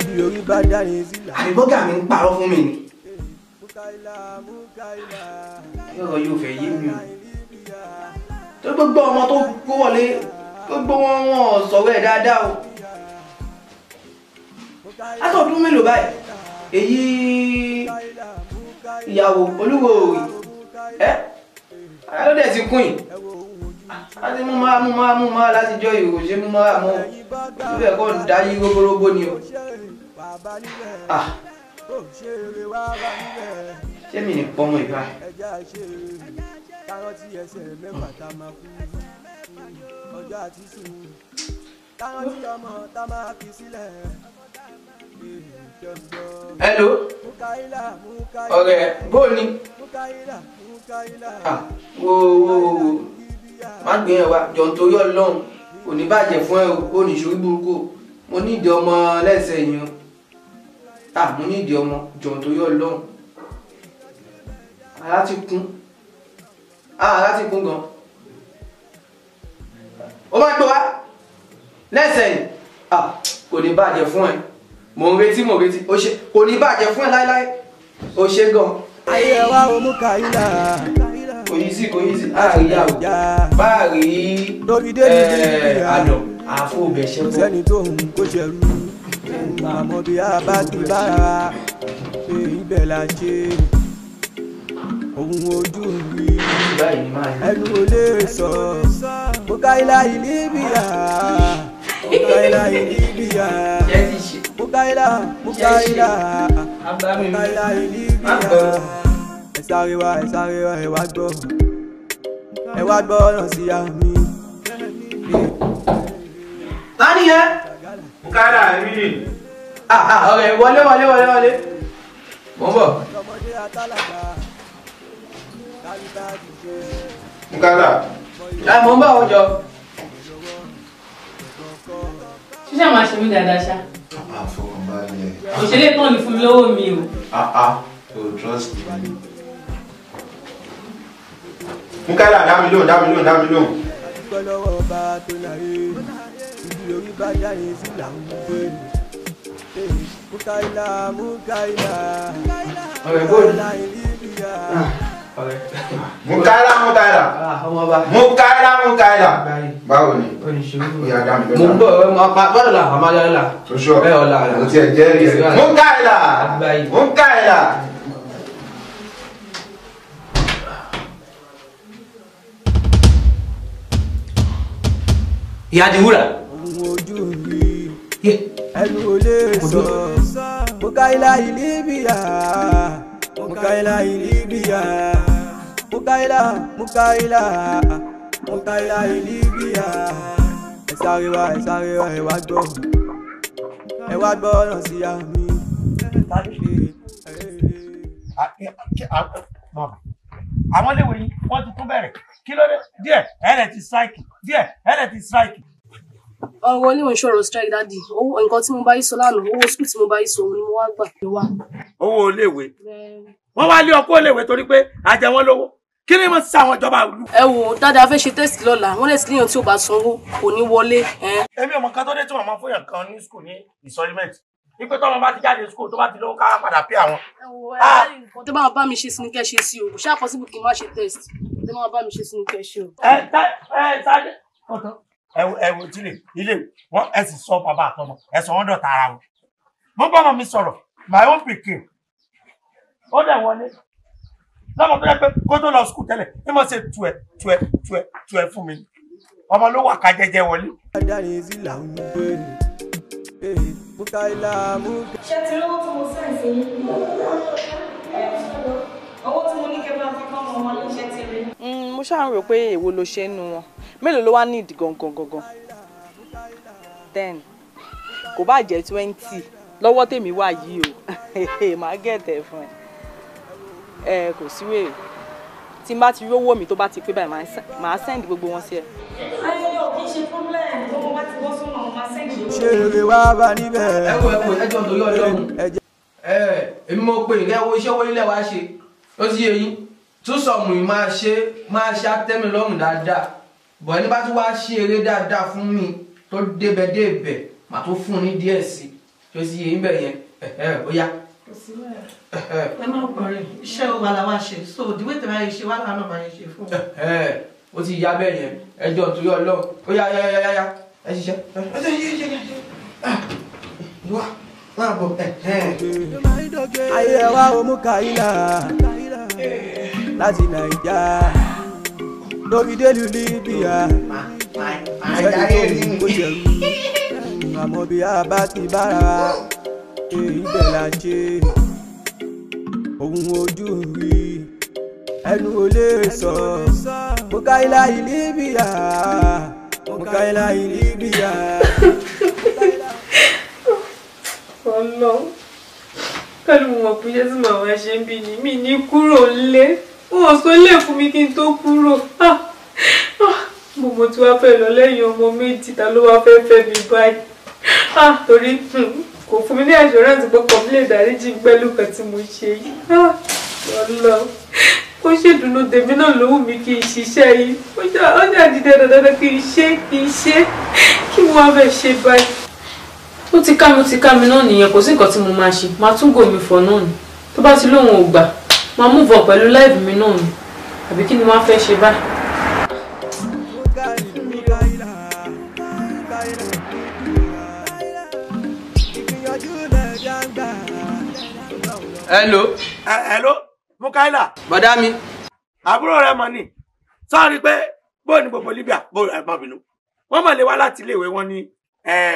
ibi orí bá dání sílẹ̀. àbí bọ́gà mi ń parọ́ fún mi ni lọ́rọ̀ yóò fẹ́ yé mi o tó gbogbo ọmọ tó kó wọlé gbogbo wọn wọn sọ̀rọ̀ ẹ̀ dáadáa o látọ̀dún mélòó báyìí èyí ìyàwó olúwo òrì ẹ ara dẹ̀ ti kún yìí láti mú máa mú máa mú máa láti jọ ìwò ṣe mú máa mú síbẹ̀ kọ́ dá rógbórógbó ni o. Ah sẹ́mi ní pọ́nmọ́ ìgbà. ẹja ṣe kárọ́tì ẹsẹ̀ mẹ́fà tá máa kú ọjọ́ àti sùn kárọ́tì ọmọ tá máa fi sílẹ̀. Hello. Ọ̀rẹ́ bó ni? Ah, wo wo wo má gbìyànjú wa jọ̀ nítorí ọlọ́run kò ní bàjẹ́ fún ẹ o ní ìṣòrí burúkú mo ní ìdí ọmọ lẹ́sẹ̀ yìí o. Ah, mo ní ìdí ọmọ jọ̀ nítorí ọlọ́run ara ah, ti kún ara ah, ti kún gan ó máa gbọ́ wá lẹ́sẹ̀yìn ah, kò ní bàjẹ́ fún ẹ mò ń retí mò ń retí kò ní bàjẹ́ fún ẹ láéláé ó ṣe gan. ayé wa omú kàyílà kò yí sí kò yí sí láàrin yàwó báàrí àdàn àfọwọ́bẹ̀ṣẹ́ bọ́. sẹ́ni tó ń kó ṣẹ̀rú àmọ́ bí a bá ti bára ibẹ̀ la ṣe ohun ojú rí ẹnu ò lè sọ bukaila ilibia bukaila ilibia bukaila bukaila bukaila ilibia ẹ sáré wá ẹ sáré wá ẹ wá gbọ́ ẹ wá gbọ́ ọ̀nà sí àmì. tani yẹn bukaila ilibia ah ah ọ̀rẹ́ wọlé wọlé wọlé wọlé mọ̀ bọ̀. Nkata. Ẹ ah, mọ̀ ń bá òjọ. Ṣíṣe máa ṣe mí dáadáa ṣá. Àfọkànbalẹ̀. Òṣèré tán ni fún mi lọ́wọ́ mi o. Àá ah, ah. o trust me. Nkata dá mi lóhùn dá mi lóhùn dá mi lóhùn. Ìgbọ́ lọ́wọ́ ọba tó láyé, ibi orí bá yáyé sí là ń gbé. Mukaila, Mukaila, Mukaila, Mukaila, Mukaila, Mukaila, Mukaila, mukaila mukaila mukaila mukaila báwo ni ìyá dá mi lọ́la. mo ń bọ̀ ẹ máa pa bọ́dọ̀ la àmọ́ ayọ́ la. tó sọ ẹ ọ̀la rẹ. o tiẹ̀ jẹ́ rí ẹ. mukaila mukaila. ìyá di wúrà. ojú mi ẹnu ò lè sọ mukaila ìlíbíà mukaila ìlíbíà. Mukaila, Mukaila, Mukaila Olivia. Ẹ sáré wá, ẹ sáré wá, ẹ wá gbọ́. Ẹ wá gbọ́ ọ̀nà sí àmì. Àwọn iléèwé yìí wọ́n ti tún bẹ̀rẹ̀. Kí ló dé? Díẹ̀ ẹ̀rẹ̀ ti strike. Díẹ̀ ẹ̀rẹ̀ ti strike. Ọ̀rọ̀ oníwò ìṣòro strike dáàdi. Nǹkan tí mo bá yìí sọ lánàá, owó sùkúl tí mo bá yìí sọ ni mo wá gbà. Owó iléèwé. Wọ́n wá lé ọkọ̀ iléèwé torí pé a jẹ lówó kí ni mo ṣe àwọn ìjọba ìlú. ẹ wo dáadáa fẹ́ ṣe tẹ́sítì lọ́la wọ́n lè sílẹ̀yàn tí o bá sanwó kò ní wọlé. èmi ọmọ kan tó dé tí wọn máa fóyàn kan ní skul ní ìsọlímẹ̀tì ipe tọ́mọ bá ti jáde skul tó bá ti lówó ká padà pé àwọn. ẹ wo ẹ bá rí nǹkan tó bá wọn bá mi ṣe sí ni kẹ́ ṣe sí o kò ṣáà possible kí n má ṣe test tó bá wọn bá mi ṣe sí ni kẹ́ ṣe o. ẹ ẹ sáré ẹ wo tílé ilé wọn ẹ sì sọ bàbá àtọmọ ẹ sọ wọn dọ̀tá ara wọn. mo bá ọmọ mi sọ̀rọ̀ my own pikin ó dẹ̀ wọlé lọ́mọ tó yẹ pé kó tó lọ sùkúù tẹ́lẹ̀ ẹ mọ̀ ṣe tuẹ̀ tuẹ̀ tuẹ̀ tuẹ̀ fún mi ọmọ ló wà ká jẹjẹ wọlé. Eh, ṣé ti lówó tí mo sẹ́ǹsì yín owó tí mo ní kẹ́ máa fi kọ́ ọmọ wọn lè ṣe ti rí. Mm, mo ṣáà ń rò pé èwo ló ṣe nu wọn mélòó ló wá ní ìdí gangan gangan ten kò bá jẹ́ twenty lọ́wọ́ tèmi wà yìí o [laughs] màá gẹ̀tẹ̀ fún ẹ ẹ kò sí wèrè tí n bá ti rówó mi tó bá ti pé báyìí màá send gbogbo wọn sí ẹ. ayọyọ kì í ṣe problem tó bá ti bọ́ sọ́nà ọmọ sẹ́ǹdì. ṣé èrè wá bá níbẹ̀. ẹ wo ẹ wo ẹjọ tó yọ ọjọ mu. ẹ èmi mo pè é wo iṣẹ́ wọlé lẹ́wọ̀ á ṣe ó ti yé yín tún sọ̀mù máa ṣe máa ṣe àtẹ́mi lọ́rùn dáadáa bọ̀ ẹni bá tún wá ṣe eré dáadáa fún mi tó débẹ̀ débẹ̀ màá tó fún un ní díẹ̀ sí i tó ti yé yín bẹ̀ yẹn ó yá [laughs] ẹ má kọrin iṣẹ́ wa la wá ṣe so òdìwé tẹ̀ báyìí ṣe wá lánàá máa ṣe fún un. [laughs] ó ti ya bẹ́ẹ̀ yẹn ẹjọ́ torí ọlọ́run ó yá yá yá yá ẹ ṣiṣẹ́ ẹ ah, wá máa bọ̀ ayé wa ò mú kàyílà láti nàìjà lórí délùú libya ah, ah, ìfẹ́ tó ń kó àmọ́ bí a bá ti bára èyí bẹ̀ la ṣe ohun ojú rí ẹnu ò lè sọ mo ká ilá ìlíbíà mo ká ilá ìlíbíà. ọlọ pẹ̀lú wọn kò jẹ́ tí màmá ṣe ń bí ni mí ní kúrò nílé wọn ò sọ lè fún mi kí n tó kúrò gbogbo ah, ah, tí wàá fẹ́ lọ lẹ́yìn ọmọ méjì ta ló wàá fẹ́ fẹ́ mi báyìí ah, torí hmm, kò fún mi ní assurance pé kọ̀mílẹ̀ ìdáríjì pẹ̀lú kan tí mo ṣe yìí ah, lọ́lọ́ ó ṣèdùnnú tèmi náà lówù mí kí n ṣiṣẹ́ yìí ó ṣe àdìdẹ dandan kí n ṣe kí n ṣe kí mo wá bẹ̀ ṣe báyìí. ó ti ká mi ó ti ká mi náà nìyẹn kò sí nǹkan tí mo máa ṣe máa tún gòmí fọ náà ni tó bá ti lóun ò gbà máa move on pẹ̀lú live mi náà ni àbí kí ni wọ́n á fẹ́ ṣe báyìí. hello. Eh, hello Mukaila. bọ̀dá mi. àbúrò rẹ mọ̀ ni sọ́ọ́rí pé bó ni gbogbo Libya bó ẹ má bínú wọ́n mọ̀ lé wá láti iléèwé wọn ní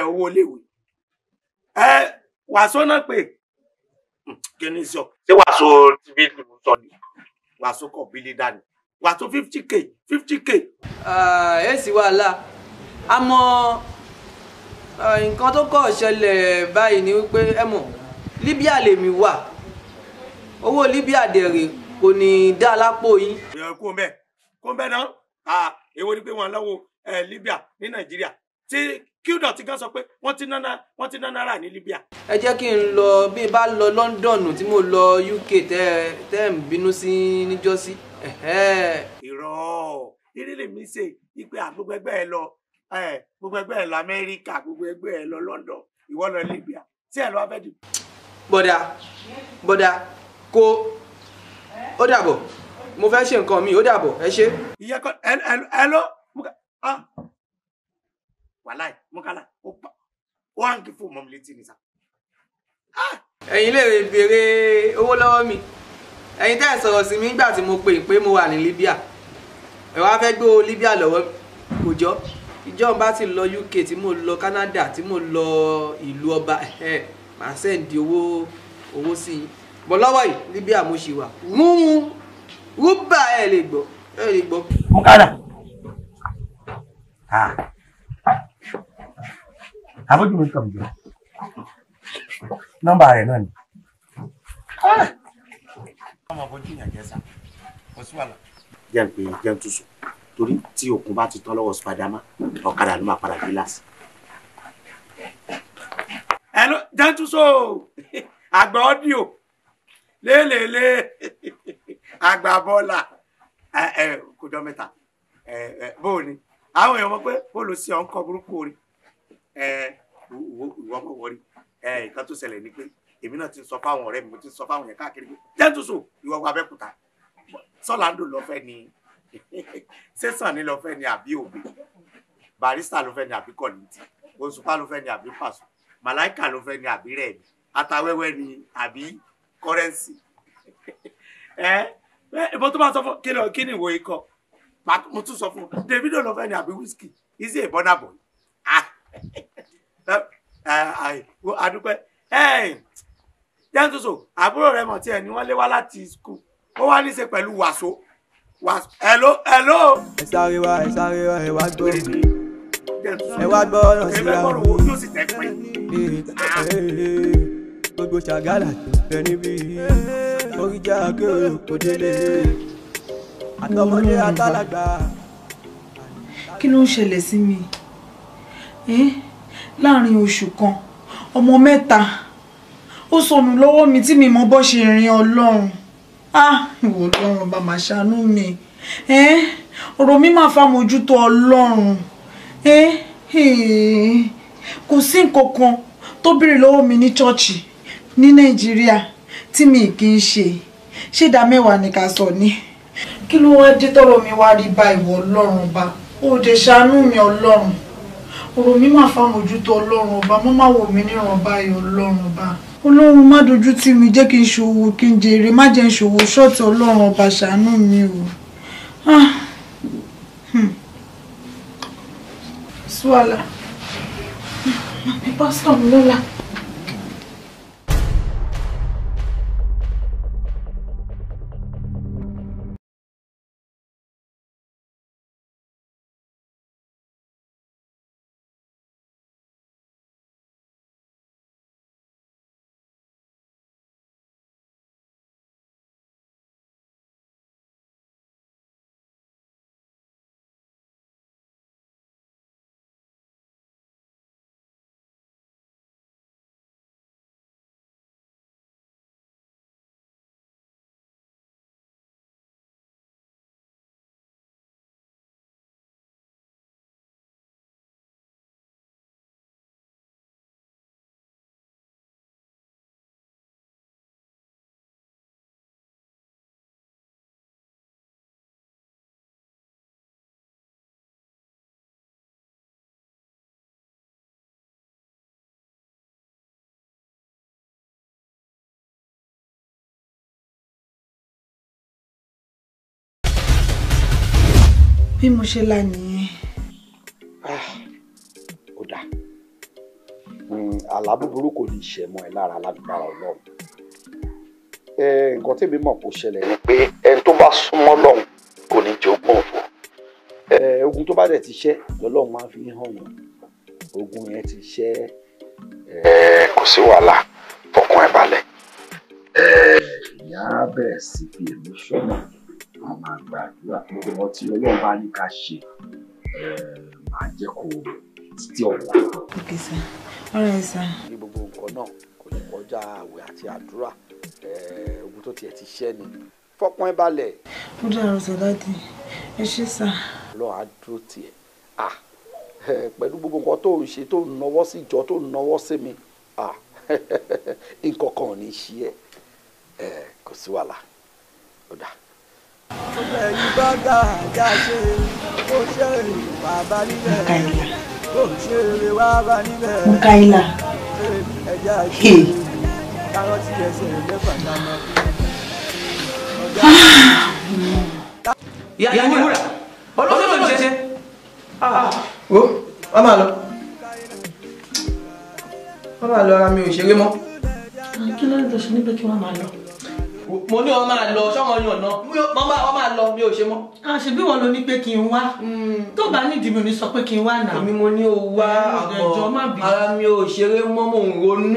owó iléèwé wàásù náà pé hmm, kí ni sọ. ṣé wàásù tìbí ìlú sọ ni wàásù kọ bílí dání wàásù fifty k fifty k. Ah, ẹ sì wàhálà àmọ́ ah, nǹkan tó kọ́ ṣẹlẹ̀ báyìí ni wípé ẹ mọ̀ Libya lèmi wà. owó libya dẹ̀rẹ̀ kò ní dá lápò yín. kó ń bẹ kó ń bẹ náà èwo ni pé wọn libya ní nàìjíríà tí ti sọ pé wọn ti ẹ jẹ́ kí n lọ bí n bá lọ london tí mo lọ uk tẹ́ tẹ́ bínú sí ìrírí mi ṣe ipe ẹgbẹ́ ẹ lọ gbogbo london ìwọ libya tí ẹ lọ abẹ́dì. bọ́dà kó ó dàbọ̀ mo fẹ́ ṣe nǹkan mi ó dàbọ̀ ẹ ṣe. ìyá kan ẹ ẹ ló wàláì mọ́kànlá ó pa ó hàn kí fóònù mọ́mi létí ni sá. ẹ̀yin lè béèrè owó lọ́wọ́ mi ẹ̀yin tẹ́ ẹ̀ sọ̀rọ̀ sí mi nígbà tí mo pè pé mo wà ní Libya ẹ wá fẹ́ gbé owó Libya lọ́wọ́ kò jọ ìjọba ti lọ UK tí mo lọ Canada tí mo lọ ìlú ọba ẹ màá sẹ́ǹdì owó owó sí yín bọ̀ lọ́wọ́ yìí Libya mo ṣì wà múmu rúbà ẹ̀ lè gbọ́ ẹ̀ lè gbọ́. mo kára àbójú mi kàn jù nọ́mbà rẹ̀ náà ni. ọmọ bójú yàn jẹ sá kò sí wàhálà. jẹ́ ń pè é jẹ́ ń túṣu torí tí òkun bá ti tán lọ́wọ́ spadama ọ̀kadà ló máa padà dé láti. ẹ ló jẹ́ ń túṣu àgbà ọ́díò lélele agbábọ́là kò jọ mẹ́ta bóò ni àwọn èèyàn mọ̀ pé bóòlù sí ọ̀ ń kọ́ burúkú orí ìwọ ọmọ wọrí nǹkan tó ṣẹlẹ̀ ni pé èmi náà ti sọ fáwọn ọ̀rẹ́ mi mo ti sọ fáwọn yẹn káàkiri pé jẹ́ntùsù ìwọ ọkọ̀ abẹ́kúta sọ́làndò lọ́fẹ́ ni [laughs] sẹ́sàn ni lọ́fẹ́ ni àbí òbí barista ló fẹ́ ni àbí kọ̀lìtì oṣùpá ló fẹ́ ni àbí pàṣọ màláìkà ló ni àbí rẹ̀ ni ni àbí currency ẹ [laughs] eh? eh, ìbọn tó máa sọ fún kí ni kí ni ìwò ikọ mo tún sọ fún Davido lọ fẹ ni àbí whisky easy ìbọnà bọ adúpẹ́ jẹ́ntùsọ àbúrò rẹ̀ mọ̀ tí ẹ̀ ni wọ́n lé wá láti school ó wá ní í ṣe pẹ̀lú wàsó wàsó hello hello. ẹ sáré wá ẹ sáré wá ẹ wá gbọ́ ẹ wá gbọ́ ọ̀nà síra wọn. ẹ bẹ́ẹ̀ bọ̀rọ̀ wo yóò sì tẹ́ pẹ́ gbogbo ṣàgálà bẹ níbí oríjà akéwòn kò délé àtọmọdé àtàlàgbà. kí ló ń ṣẹlẹ̀ sí mi láàrin oṣù kan ọmọ mẹ́ta ó sọnù lọ́wọ́ mi tí mi mọ bọ́ ṣe rìn ọlọ́run ah ìwọ ọlọ́run bá máa ṣàánú mi ọ̀rọ̀ mi máa fa mojútó ọlọ́run kò sí nǹkan kan tó béèrè lọ́wọ́ mi ní ṣọ́ọ̀ṣì ní nàìjíríà tí mi kì í ṣe ṣé ìdá mẹ́wàá ni ká sọ ni. kí ló wáá dé tọ́rọ̀ mi wá rí bá ìwọ ọlọ́run ọba ó dé ṣàánú mi ọlọ́run ọ̀rọ̀ mi máa fàmójútó ọlọ́run ọba mo máa wò mí níran báyìí ọlọ́run ọba ọlọ́run má dojú tì mí jẹ́ kí n ṣòwò kí n jèrè má jẹ́ n ṣòwò ṣọ́ọ̀tì ọlọ́run ọba ṣàánú mi o. Ah, hmm. suwala mami pásítọ̀ lọ́la. bí mo ṣe la nìyẹn. Ah, ó dáa hmm, àlá búburú kò ní ṣe mọ́ ẹ lára lágbára ọlọ́run nǹkan tèmi mọ̀ kó ṣẹlẹ̀ ni pé ẹni tó bá súnmọ́ lọ́hùn kò ní jẹ ogún ọ̀fọ̀ ogun tó bá dẹ̀ ti ṣẹ́ lọ́lọ́run máa fi hàn yàn ogun yẹn ti ṣẹ́ kò sí wàhálà fọkàn ẹ balẹ̀ ìyá bẹ̀rẹ̀ sí fi èmi ṣọ́nà a máa gbàdúrà pé wọ́n ti ọlọ́run bá ní ká ṣe eh, máa jẹ́ kó títí ọ̀la. ok sir ọ̀rẹ́ ẹ sá. ní gbogbo nǹkan náà kò ní kọjá àwẹ̀ àti àdúrà eh, ogun tó tiẹ̀ ti ṣẹ́ ni fọkàn ẹ balẹ̀. ó dàrú sọ̀dáàdì ẹ ṣe sá. ọlọ́run á dúró tiẹ̀ ah eh, pẹ̀lú gbogbo nǹkan tó ń ṣe tó ń nawọ́ sí ìjọ tó ń nawọ́ sí mi ah [laughs] nǹkan kan ò ní ṣe ẹ kò sí wàhálà ó Mukaila. Mukaila ẹja ṣe kárọ́tì ẹsẹ̀ lẹ́fà dáná. ìyá ni wúrà olóṣèlú ń ṣe wo wọ́n máa lọ wọ́n máa lọ ara mi ò ṣeré mọ́. kí ló ń lọ sí níbi kí wọ́n máa lọ mo ní wọn máa lọ sọ́wọ́n yàn náà wọ́n máa wọ́n máa lọ mi ò ṣe mọ́. àṣẹ ah, bí wọn lo ní pé kí n wá hmm. tó bá nídìí mi ò ní sọ pé kí n wá nà. èmi mo ní o wá àmọ́ ara mi ò ṣeré mọ́ mo ń ronú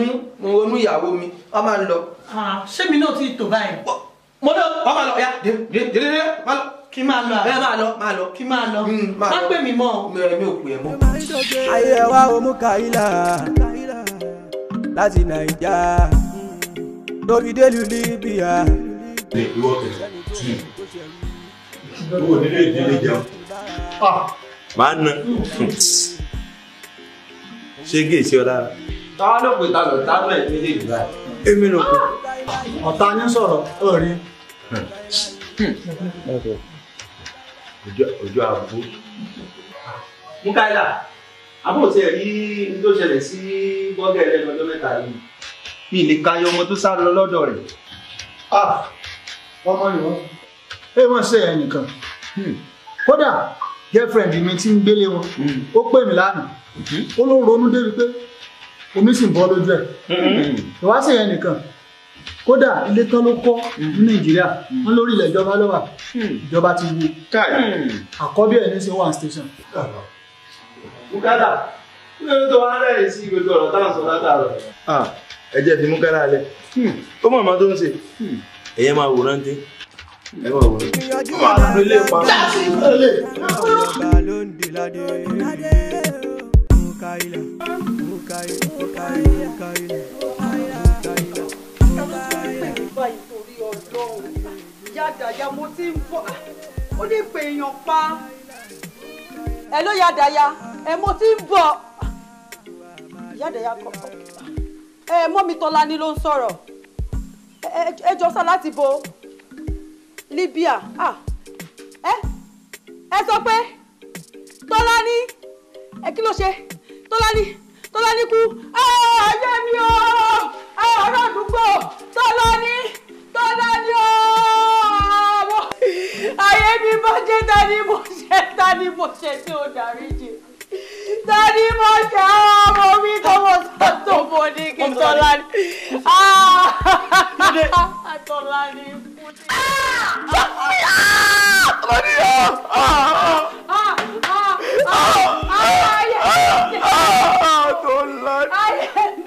mo ń ronú ìyàwó mi wọ́n máa lọ. Ah, ṣé mi náà ti tò báyìí. mo ní wọ́n máa lọ ya dé dé dé dé máa lọ. kí máa lọ àbẹ máa lọ máa lọ kí máa lọ hmm, má pè mí mọ́. mi ò pè é mọ́. ayẹwo amúkàyílà láti nàìjíríà. Dórídé lu Libya. Lè bí wọ́n kẹ̀ tì. Owó nílé ìdílé jẹun. Ah. Màá na. Ṣé gèè ṣe ọ lára? Táwa ló pè ta lọ, táwa náà ìdílé ìgbà. Èmi ló pè. Ọ̀tá ní sọ̀rọ̀, ó rí. Hmm. Ojú àbú. Mukaila, àbò tí ẹ̀ rí ní tó ṣẹlẹ̀ sí bọ́gẹ̀ lẹ́nu ọjọ́ mẹ́ta yìí mi lè kayọ ọmọ tó sá lọ lọ́dọ̀ rẹ̀. Ah, ọmọ ìwọ ẹ mọ̀ sí ẹ̀yà nìkan hmm. kódà girlfriend mi ti ń gbélé wọn hmm. ó pè mí lánàá hmm. ó ló ń ronú débi pé omi sì ń bọ́ lójú ẹ̀ ìwá sí ẹ̀yà nìkan kódà ilé tán ló kọ́ ní nàìjíríà wọn lórí ilẹ̀ ìjọba ló wà ìjọba ti wú àkọ́bí ẹ̀ ní sí one station. bùkátà kí ló ń tó wá rẹ̀ sí gbogbo ọ̀rọ̀ táwọn sọ látàrọ̀. Ah ẹjẹ fi mú kára lẹ hmm, ó mọ ọmọ tó ń ṣe hmm, ẹyẹ máa wòran dé ẹ máa wòran dé. máa lọ ilé pa yàdàyà mo ti ń bọ̀ ó ní pé èèyàn pa ẹ ló yàdàyà ẹ mo ti ń bọ̀ yàdàyà kọ̀ọ̀kan ẹ mọ́mi Tọ́lání ló ń sọ̀rọ̀ ẹ jọ sá láti bo Libya ẹ ẹ sọ pé Tọ́lání ẹ kí ló ṣe Tọ́lání Tọ́lání kú ayé mi o ọ̀rọ̀ àdúgbò Tọ́lání Tọ́lání o ayé mi bọ́jẹ́ ta ni mo ṣe ta ni mo ṣe tí o dáríjì dani mo ṣe ọmọ mi kọ́ mo sọ tó mo ní kí n ah! [laughs] tọ́lá ni tọ́lá ni mo ní. mo ní yọ. tọ́lá ni.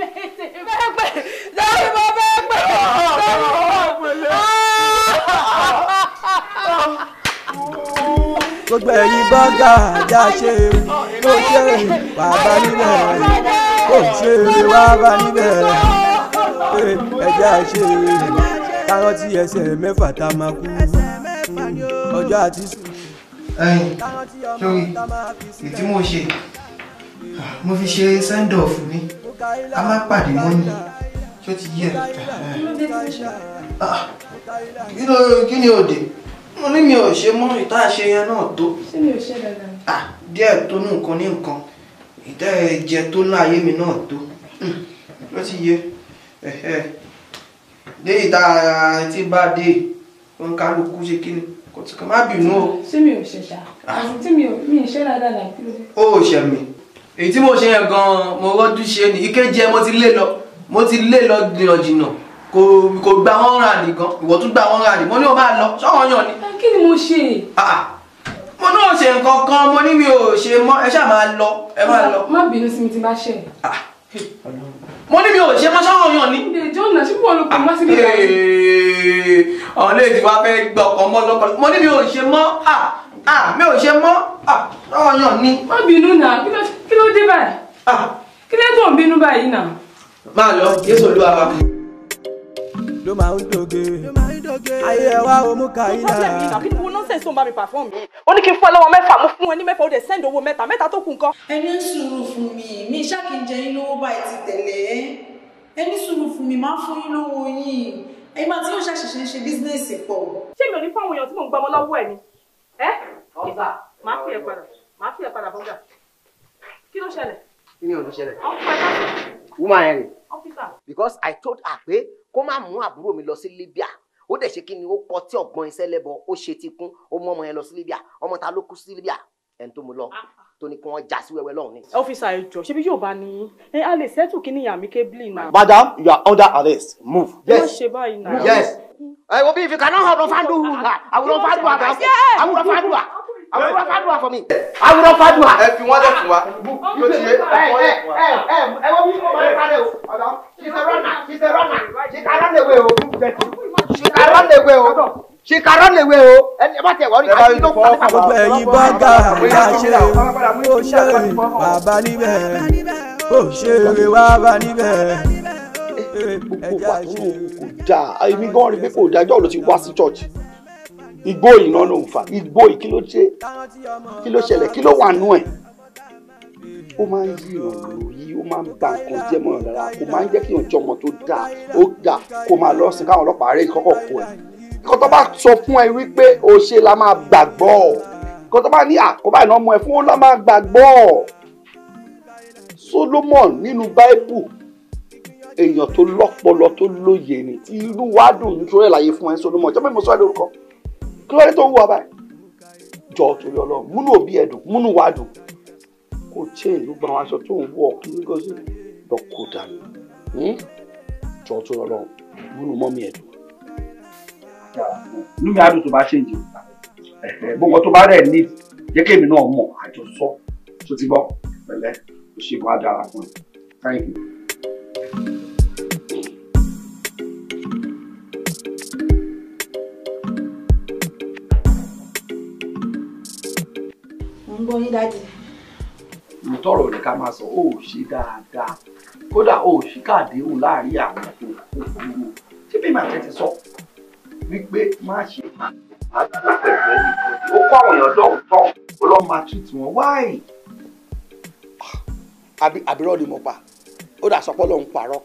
bẹ́ẹ̀ pẹ́ dani mo bẹ́ẹ̀ pẹ́ dani mo. gbogbo ẹ̀yin bọ́gà ajá ṣe é wú kò ṣe é wà bá níbẹ̀ kò ṣe é wà bá níbẹ̀ ẹja ṣe é táwọn tí ẹsẹ̀ mẹ́fà tá a máa kú ọjọ́ àti sùn. ẹyin lórí ètí mo ṣe mo fi ṣe send off mi a máa pàdé mọ́ ni ṣó ti yẹ kí ni òde mo ní mi ò ṣe mọ́ ìta yẹn náà tó. ṣé mi ò ṣe dandan díẹ̀ tó ní nǹkan ní nǹkan ìdá ẹ̀jẹ̀ tó ná ayé mi náà tó ló hmm, ti yé dé ìta tí bá dé òǹkálukú ṣe kí kò tí kò má bínú o. tí mi ò ṣe ṣá ah. tí mi ò mi ṣe dáadáa náà kí ló dé. ó ṣe mi èyí tí mo ṣe yẹn gan-an mo rọ́jú ṣe ni ìkejì ẹ mo ti lé lọ mo ti lé lọ jìnnà jìnnà kò kò gba wọn rà nìkan ìwọ tún gba wọn rà nìkan mo ní o máa lọ sọ́wọ́n yàn ni. kí ni mo ṣe. Ah, mo náà ṣe nǹkan kan mo ní mi ò ṣe mọ́ ẹ ṣáà máa lọ ẹ máa lọ. má bínú sí mi tí bá ṣe. mo ah, ní mi ò ṣe mọ́ṣọ́rọ̀ yàn ní. ǹjẹ́ jọ́nà ṣé wọ́n ló pè wá sí nígbà yìí. ọ̀hún lè ti wá fẹ́ gbọ́ ọkàn mọ́ lọ́kọ̀ mo ní mi ò ṣe mọ́ mi ò ṣe mọ́ ah, ah, ọ̀rọ̀ yàn ní. má bínú náà kí ló dé báyìí kí ló tó ń bínú báyìí náà. máa lọ Jésù Olúwa wa ló máa ń doge ayé ẹ wá omú kàyí náà. ìfọ́sẹ̀ mi ìgbà kí ni mo nọ́ọ̀sẹ̀ sóun bá mi pàfọ́ọ̀mù ó ní kí n fún ẹ lọ́wọ́ mẹ́fà mo fún ẹ ní mẹ́fà ó dẹ̀ sẹ́ndì owó mẹ́ta mẹ́ta tó kù nǹkan. ẹni sùúrù fún mi mi ṣàkíjẹ yín lówó báyìí ti tẹ̀lé ẹni sùúrù fún mi máa fún yín lówó yín ẹ̀yin máa tí yóò ṣàṣẹṣe ṣe bísíǹsì pọ̀. ṣé mi ò ní fún àwọn èèyàn tí mò ń gbọmọ lọ́wọ́ ẹ̀ ni. ẹ ọ̀gá máa fi ẹ̀ padà máa fi ẹ̀ padà bọ́gà kí ló ṣẹlẹ̀. kí ni ò ní ṣẹlẹ̀. because i told her pé kó mi lọ sí libya ó dẹ̀ ṣe kí ni ó kọ tí ọ̀gbọ́n iṣẹ́ lẹ́bọ ó ṣe ti kún ó mú ọmọ yẹn lọ sí Libya ọmọ ta ló kú sí Libya ẹni tó mu lọ tó ní kí wọ́n já sí wẹ́wẹ́ lọ́hùn ní. ọ́fíìsà ẹjọ́ ṣebí yóò bá ní ẹ a lè settle kí ni amicably náà. madam you are under arrest move. yes yóò yes ẹ wo bí if you cannot help ọ̀fàdù àwùrọ̀ fàdù àwùrọ̀ fàdù àwùrọ̀ fàdù àfọ̀ mi. àwùrọ̀ fàdù à. ẹ fi wọn lẹ fún wa yóò ti yé ẹfọ yẹ. ẹ ẹ ẹ wo bí mo máa ń parẹ́ o ọ̀dọ́ she's a runner she's a runner she can run away o ṣìkàrọ̀ lèwe o ṣìkàrọ̀ lèwe o ẹni bá tẹ̀ wọ́n rí àti ló pàdé pàdé. gbogbo ẹ̀yin bá ga àgbà ṣe ó ṣe bàbá níbẹ̀ ó ṣe eré wá bá níbẹ̀. gbogbo àtúrò kò dáa èmi gan rí pé kò dáa ẹjọ́ ló ti wá sí ṣọ́ọ̀ṣì igbó ìnáwó ló ń fa igbó kí ló ṣe kí ló ṣẹlẹ̀ kí ló wà nú ẹ̀ ó máa ń yí ìròyìn yí ó máa ń ba nǹkan jẹ́ mọ́ rárá kò máa ń jẹ́ kí èèyàn jẹ́ ọmọ tó dáa ó dáa kó máa lọ sí káwọn ọlọ́pàá rẹ̀ kọ́kọ́ kó ẹ̀ kó tó bá sọ fún ẹ wípé o ṣe la máa gbàgbọ́ kó tó bá ní àkóbá ìná ọmọ ẹ fún ó la máa gbàgbọ́ Solomon nínú Báíbù èèyàn tó lọ́pọlọ tó lóye ni tí irú wa dùn nítorí àlàyé fún ẹ Solomon jẹ́ mímú sọ́ọ́ lórúkọ kí lóore tó wù ọ báyìí jọ torí Ọlọ́run múnú òbí ẹ múnú wa dùn kó change gbogbo àwọn aṣọ tó ń wọ ọkùnrin gọ́sí lọ kó dànù hmm? jọ tó lọ múnú mọ́ mi ẹ̀ dùn. inú mi á dùn tó bá change gbogbo tó bá rẹ̀ ní jẹ́ kémi náà mọ̀ àjọsọ tó ti gbọ́ pẹ̀lẹ́ òṣèlú á dára fún ẹ thank you. gbọ́ yín dájú ìtọ́rọ̀ ní ká máa sọ ó ṣe dáadáa kódà ó ṣe káàdéhùn láàrin àwọn tó kó fúru ṣé bí màá tẹ́tí sọ wípé má ṣe má àdúgbò pẹ̀lú ẹni ó kọ́ àwọn èèyàn dọ̀hún tán ó lọ́ tí wọ́n wáì. àbírọ̀ ni mo pa ó dà sọpọ́ lòun parọ́.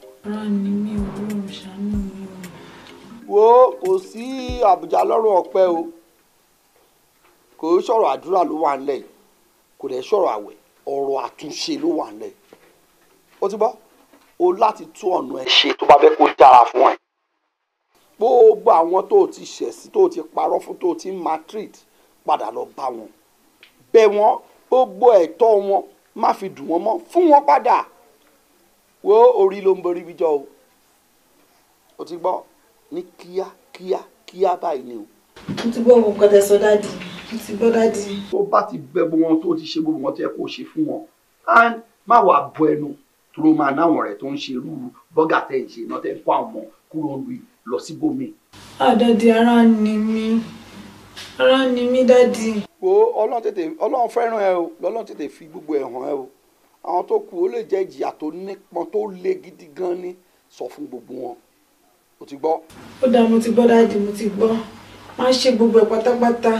wo kò sí àbùjá lọ́rùn ọ̀pẹ o kò sọ̀rọ̀ àdúrà ló wà ń lẹ̀ kò dẹ̀ sọ̀rọ̀ àwẹ̀ ọ̀rọ̀ àtúnṣe ló wà nílẹ̀ o ti bọ́ o láti tún ọ̀nà ẹ̀ ṣe tó bá fẹ́ kó dára fún ẹ̀ gbogbo àwọn tó o ti ṣẹ̀sí tó o ti parọ́ fún tó o ti matrit padà lọ bá wọn bẹ̀ wọ́n gbogbo ẹ̀tọ́ wọn má fi dùn wọ́n mọ́ fún wọn padà wo orí ló ń borí bíjọ́ o o ti gbọ́ ní kíá kíá báyìí ni o. mo ti gbọ́ nǹkan tẹ sọ dájú ti gbọ́ di. tó bá ti bẹ bó wọn tó ti ṣe gbogbo wọn tó yẹ kó ṣe fún wọn and má wàá bọ ẹnu tó ló máa náwọn rẹ tó ń ṣe irú bọ́gà tẹ̀ ń ṣe náà tẹ̀ ń kó àwọn ọmọ kúrò lu lọ sí bòmí. àdàdì ah, ara ni mí ara ni mí dáàdi. wo ọlọ́run tètè ọlọ́run fẹ́ràn ẹ o lọ́lọ́run tètè fi gbogbo ẹ̀ hàn ẹ o àwọn tó kù ó lè jẹ́ ìjìyà tó nípọn tó le gidi gan ni sọ fún gbogbo wọn o ti gbọ́. ó dáa mo ti gbọ́ dáàdi mo ti gbọ́ máa ṣe gbogbo ẹ̀ pátápátá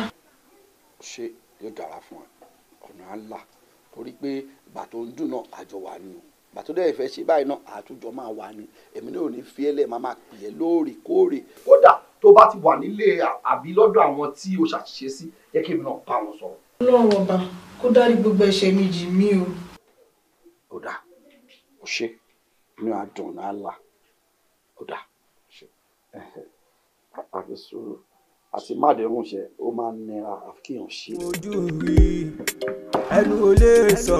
ṣe yóò dára fún ẹ ọ̀nà á torí pé bàtò ń dùn náà àjọ wà ní o bàtò dẹ́ ìfẹ́ ṣe báyìí náà àtújọ máa wà ní èmi náà ò ní fi ẹlẹ́ máa máa pè é lóòrèkóòrè. kódà tó bá ti wà nílé àbí lọ́dọ̀ àwọn tí o ṣàṣìṣe sí yẹ kí èmi náà bá wọn sọ̀rọ̀. ọlọ́run ọba kó dárí gbogbo ẹ̀ṣẹ̀ mi jì mí o. kódà ó ṣe inú àdùn náà là kódà ṣe àbí sùúrù àti mádẹ́rùn ṣe ó máa ń nira àfikíyàn ṣe. ojú mi ẹnu ò lè sọ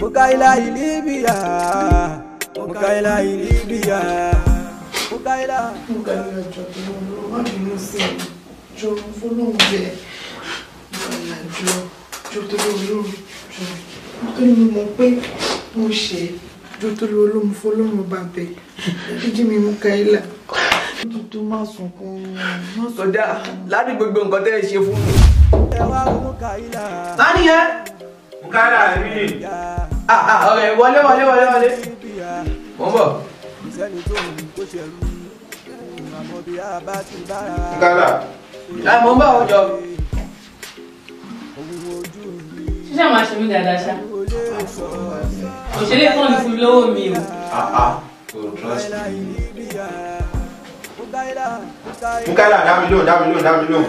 mo ká ilá ìlú bíyà mo ká ilá ìlú bíyà mo ká ilá. mo ká ilá ìjọ tó ń lọ má bínú sí i jọ fọlọ́ọ̀bẹ ìgbàlá jọ jọ tó lọ lórí jọ nítorí mo mọ pé mo ṣe jọ tó lọ lómi fọlọ́ọ̀bẹ ẹ jíjí mi mo ká ilá dúdú má sunkún má sunkún. kódà láti gbogbo nǹkan tẹ́ ẹ ṣe fún mi. sani yẹn. bukala mi. ọ̀rẹ́ wọlé wọlé wọlé wọlé. mo ń bọ̀. bukala. ẹ mo bọ̀ ọjọ́. ṣíṣe àwọn aṣọ mi dáadáa ṣá. òṣèré fọ́ọ̀nù fún mi lọ́wọ́ mi o. Ah, ah. kò trust me. Fúkàlà dámi lóhùn dámi lóhùn dámi lóhùn.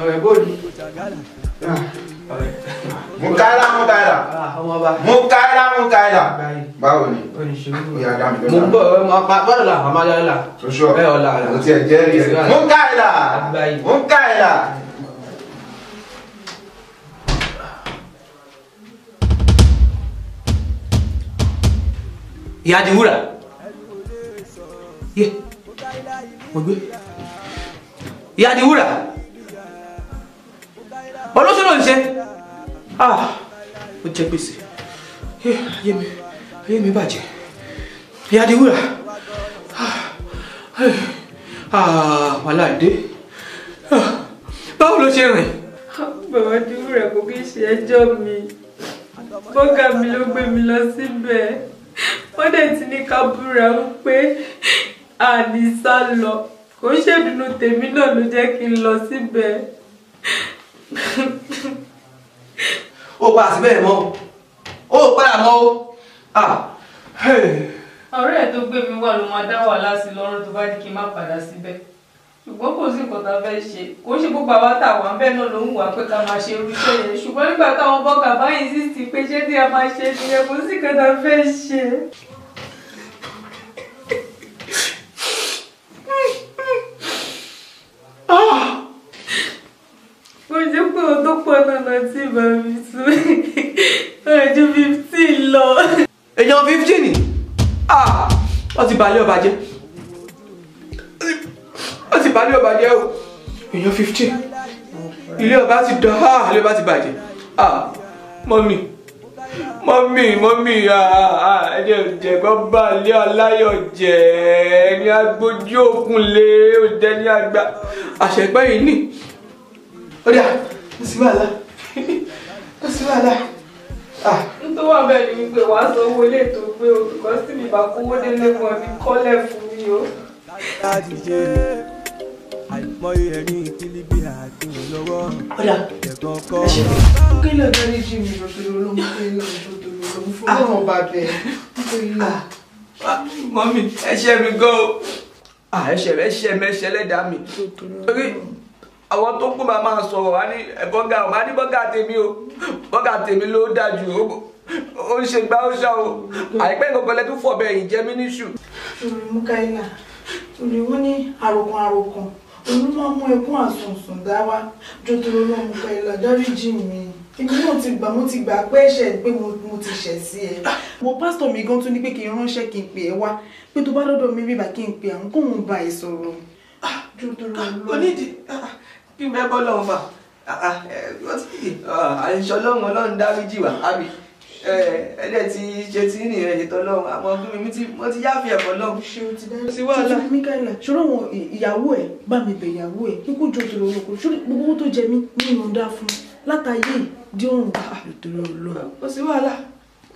Ọ̀rẹ́ bóòlù. Mukala mukala. Ah, Mukaila, Mukaila. Báwo ni? Ìyá dámi lóhùn. Mo ń bọ̀ ọ́ ma pa bọ́ọ̀lù la, màmá yára la. Sọ́sọ́. Bẹ́ẹ̀ ọ̀la. Mo ti ẹ̀ jẹ́rìí ẹ̀. Mukala. Mukala. ìyá di wúrà yé mo gbé ìyá di wúrà olóṣèlú ń ah ó jẹ gbèsè ayé mi ayé mi bàjẹ́ ìyá di wúrà ah, ah wàhálà dé ah, báwo ló ṣe rìn. bàbá di wúrà kò kí ṣe ẹjọ́ mi bọ́gà mi ló gbé mi lọ síbẹ̀ wọ́n dẹ̀ ti ní ká búra wípé àní sá lọ kò ń ṣèdùnnú tèmi náà ló jẹ́ kí n lọ síbẹ̀. ó pa àsìbẹ́ẹ̀ mọ́ ó padà mọ́ ó. ọ̀rẹ́ ẹ̀ tó gbé mi wà ló máa dá wàhálà sí lọ́rùn tó bá ní kí n má padà síbẹ̀ ṣùgbọ́n kò sí nǹkan tá a fẹ́ ṣe kò ṣe gbogbo àwa tà wá bẹ́ẹ̀ náà ló ń wà pé ká máa ṣe irú iṣẹ́ yẹn ṣùgbọ́n nígbà táwọn bọ́ọ̀gà báyìí sì ti pé ṣé tí a máa ṣe nìyẹn kò sí nǹkan tá a fẹ́ ṣe. mo ṣe pé o tó pọ̀ nànà tí bàbí tún ẹjọ́ fifteen lọ. èèyàn fifteen ni wọ́n ah! ti balẹ̀ ọba jẹ́ ó ti balẹ̀ ọba jẹ́ o èèyàn fifteen ilé ọba ti dán ha ilé ọba ti bàjẹ́ ah mọ́mì mọ́mì mọ́mì ẹni ọ̀jẹ̀ kan bá ilé aláyọ̀ jẹ́ ẹni agbójú òkun lé ọ̀jẹ̀ ní àgbà àṣẹgbẹ́ yìí nì ó dà ó sì wà lá ó sì wà lá tó wà bẹ́ẹ̀ ni pé wàá san owó ilé tó gbé o because tí mi bá kówó délé fún ọ ní kọ́lẹ̀ fún mi o àìmọye ẹ̀rín ìkílí bí àdùn lọ́wọ́ ẹ̀kọ́ kọ́. kí ló dé ní jí mi lọ́dọ̀ olóhùn pé lọ́dọ̀ olóhùn fún ọmọ bá bẹ̀ mọ́mí ẹ̀ṣẹ̀ mi gan o ah, ẹ̀ṣẹ̀ mi ẹ̀ṣẹ̀ mi ẹ̀ṣẹ̀ lẹ́dàá mi torí àwọn tó kú máa máa sọ̀rọ̀ wá ní bọ́gà wá ní bọ́gà tèmi o bọ́gà tèmi ló dájú ó ń ṣe gbá ó ṣá o àìpẹ́ ìkọ̀kọ̀ lẹ́tún fọ̀bẹ̀ yìí jẹ́ mí níṣù. torí mú káyà torí wọ́n ní àròkàn àròkàn òun máa mú ẹkún àsùnsùn dá wá jótóró ló mú pẹ́ lọ́jọ́rí jì mí èmi náà ti gbà mo ti gbà pé ẹ̀ṣẹ̀ pé mo ti ṣẹ̀ sí ẹ. mo pásítọ̀ mi gan tún ní pé kí n ránṣẹ́ kí n pè é wá pé tó bá lọ́dọ̀ mi bíbá kí n pè àwọn kóun bá ẹ sọ̀rọ̀. Ah, jótóró ló ah, ní ah, kí n bẹ́ bọ́ lọ́wọ́ fà eh, àìsàn ọlọ́run ọlọ́run dáríjì wá àbí ẹdẹ ti ṣe ti ní ìrẹyẹ tọlọ́run àmọ́ ọdún mi mo ti yáfi ẹfọ lọhùn. ṣé o ti dáná sí wàhálà tuntun Michaela ṣọlá wọn ìyàwó ẹ bá mi bẹ ìyàwó ẹ kíkú jọ tòrò olóko ṣọlá gbogbo tó jẹ mí ní ìmọ̀ọ́dá fún látàyè di òun. àdúrà Ọlọ́run. ó sì wàhálà.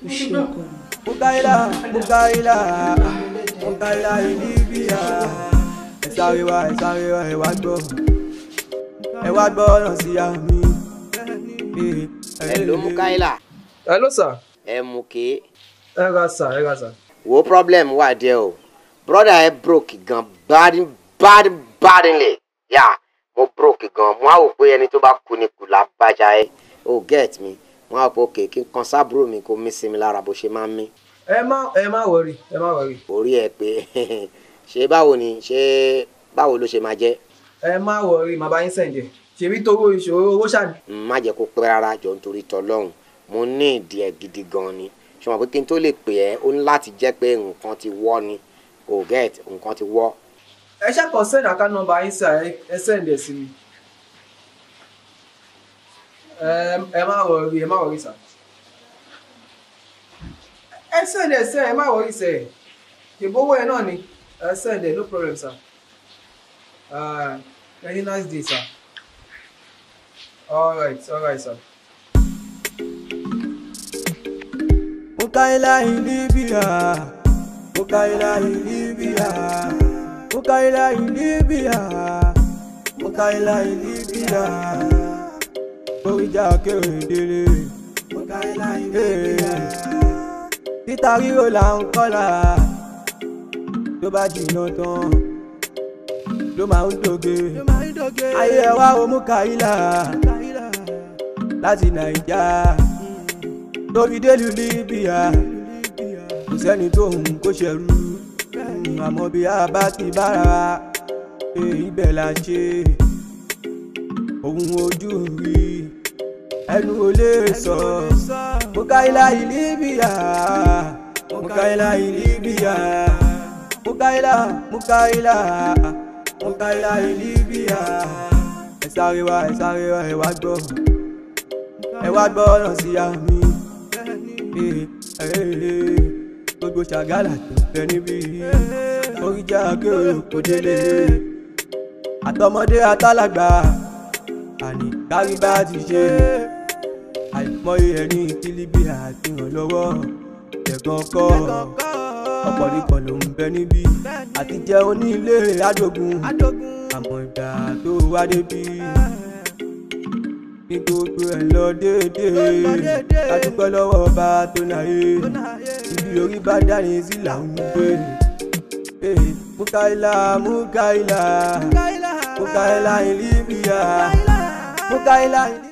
ó ṣe nǹkan. Mukaila Mukaila Mukaila Libya ẹ sáré wá ẹ sáré wá ẹ wá gbọ́ ẹ wá gbọ́ ọ̀nà sí hello Mukaila hello sir. ẹ mú ké. ẹ ra sà ẹ ra sà. wo problem wà díẹ̀ o broda ẹ broke gan bad bad badly ya mo broke gan mo á wò pé ẹni tó bá kú ni kù lábàjá ẹ o get me mo á wò pé òkè kí n kan sábúrò mi kó mí sí mi lára bó ṣe máa ń mí. ẹ má ẹ má wọrí ẹ má wọrí. orí ẹ pé [laughs] ṣé báwo ni ṣé báwo ló ṣe máa jẹ. ẹ má wọrí màá bá yín sẹ̀ǹjẹ̀ ṣèbí tó owó ìṣòro owó ṣàní. má jẹ́ kó pẹ́ rárá jọ nítorí tọ́lọ́hún mo ní ìdí ẹ̀ gidi gan ni ṣùgbọ́n pé kí n tó lè pè ẹ́ ó ní láti jẹ́ pé nǹkan ti wọ́ ni o get nǹkan ti wọ́. ẹ ṣàkàn send account number yín sí ẹ send ẹ sí mi ẹ má wọrí ẹ má wọrí sà ẹ send ẹ sẹ ẹ má wọrí sẹ ìbówó ẹ náà ni ẹ send ẹ no problem sà very ah, nice day sà all right all right sà. Ukaila in Libya, Ukaila in Libya, Ukaila in Libya, Ukaila in Libya. Oríjà kéré délé, Ukaila eh. in Libya. Títa ríro là ń kọ́là, tó bá jìnnà tán, ló máa ń doge. Ayé ẹ wá o Mukaila, láti Nàìjíríà lórí délù Libya kò sẹ́ni tó ń kó ṣẹ̀rú àmọ́ bí a bá ti bára wa ibẹ̀ la ṣe ohun ojú rí ẹnu ò lè sọ mo ká ilá yìí Libya mo ká ilá yìí Libya mo ká ilá mo ká ilá mo ká ilá yìí Libya ẹ sáré wá ẹ sáré wá ẹ wá gbọ́ ẹ wá gbọ́ ọ̀nà sí àmì gbogbo ṣàgálà tó fẹ́ níbí oríjà kéwòn kò délé àtọmọdé àtàlàgbà àní kárí bá ti ṣe àìmọye ẹni kílíbí àfihàn lọ́wọ́ ẹ̀gbọ́n kọ́ ọ̀pọ̀lọpọ̀ ló ń bẹ níbí àtijẹ́ onílé adogun, àmọ́ ìgbà tó wá débí ní gbogbo ẹ̀ lọ déédéé àdúgbò lọ́wọ́ ọba tó náyé ibi orí bá dání sí là gbé mukaila mukaila mukaila in libya mukaila in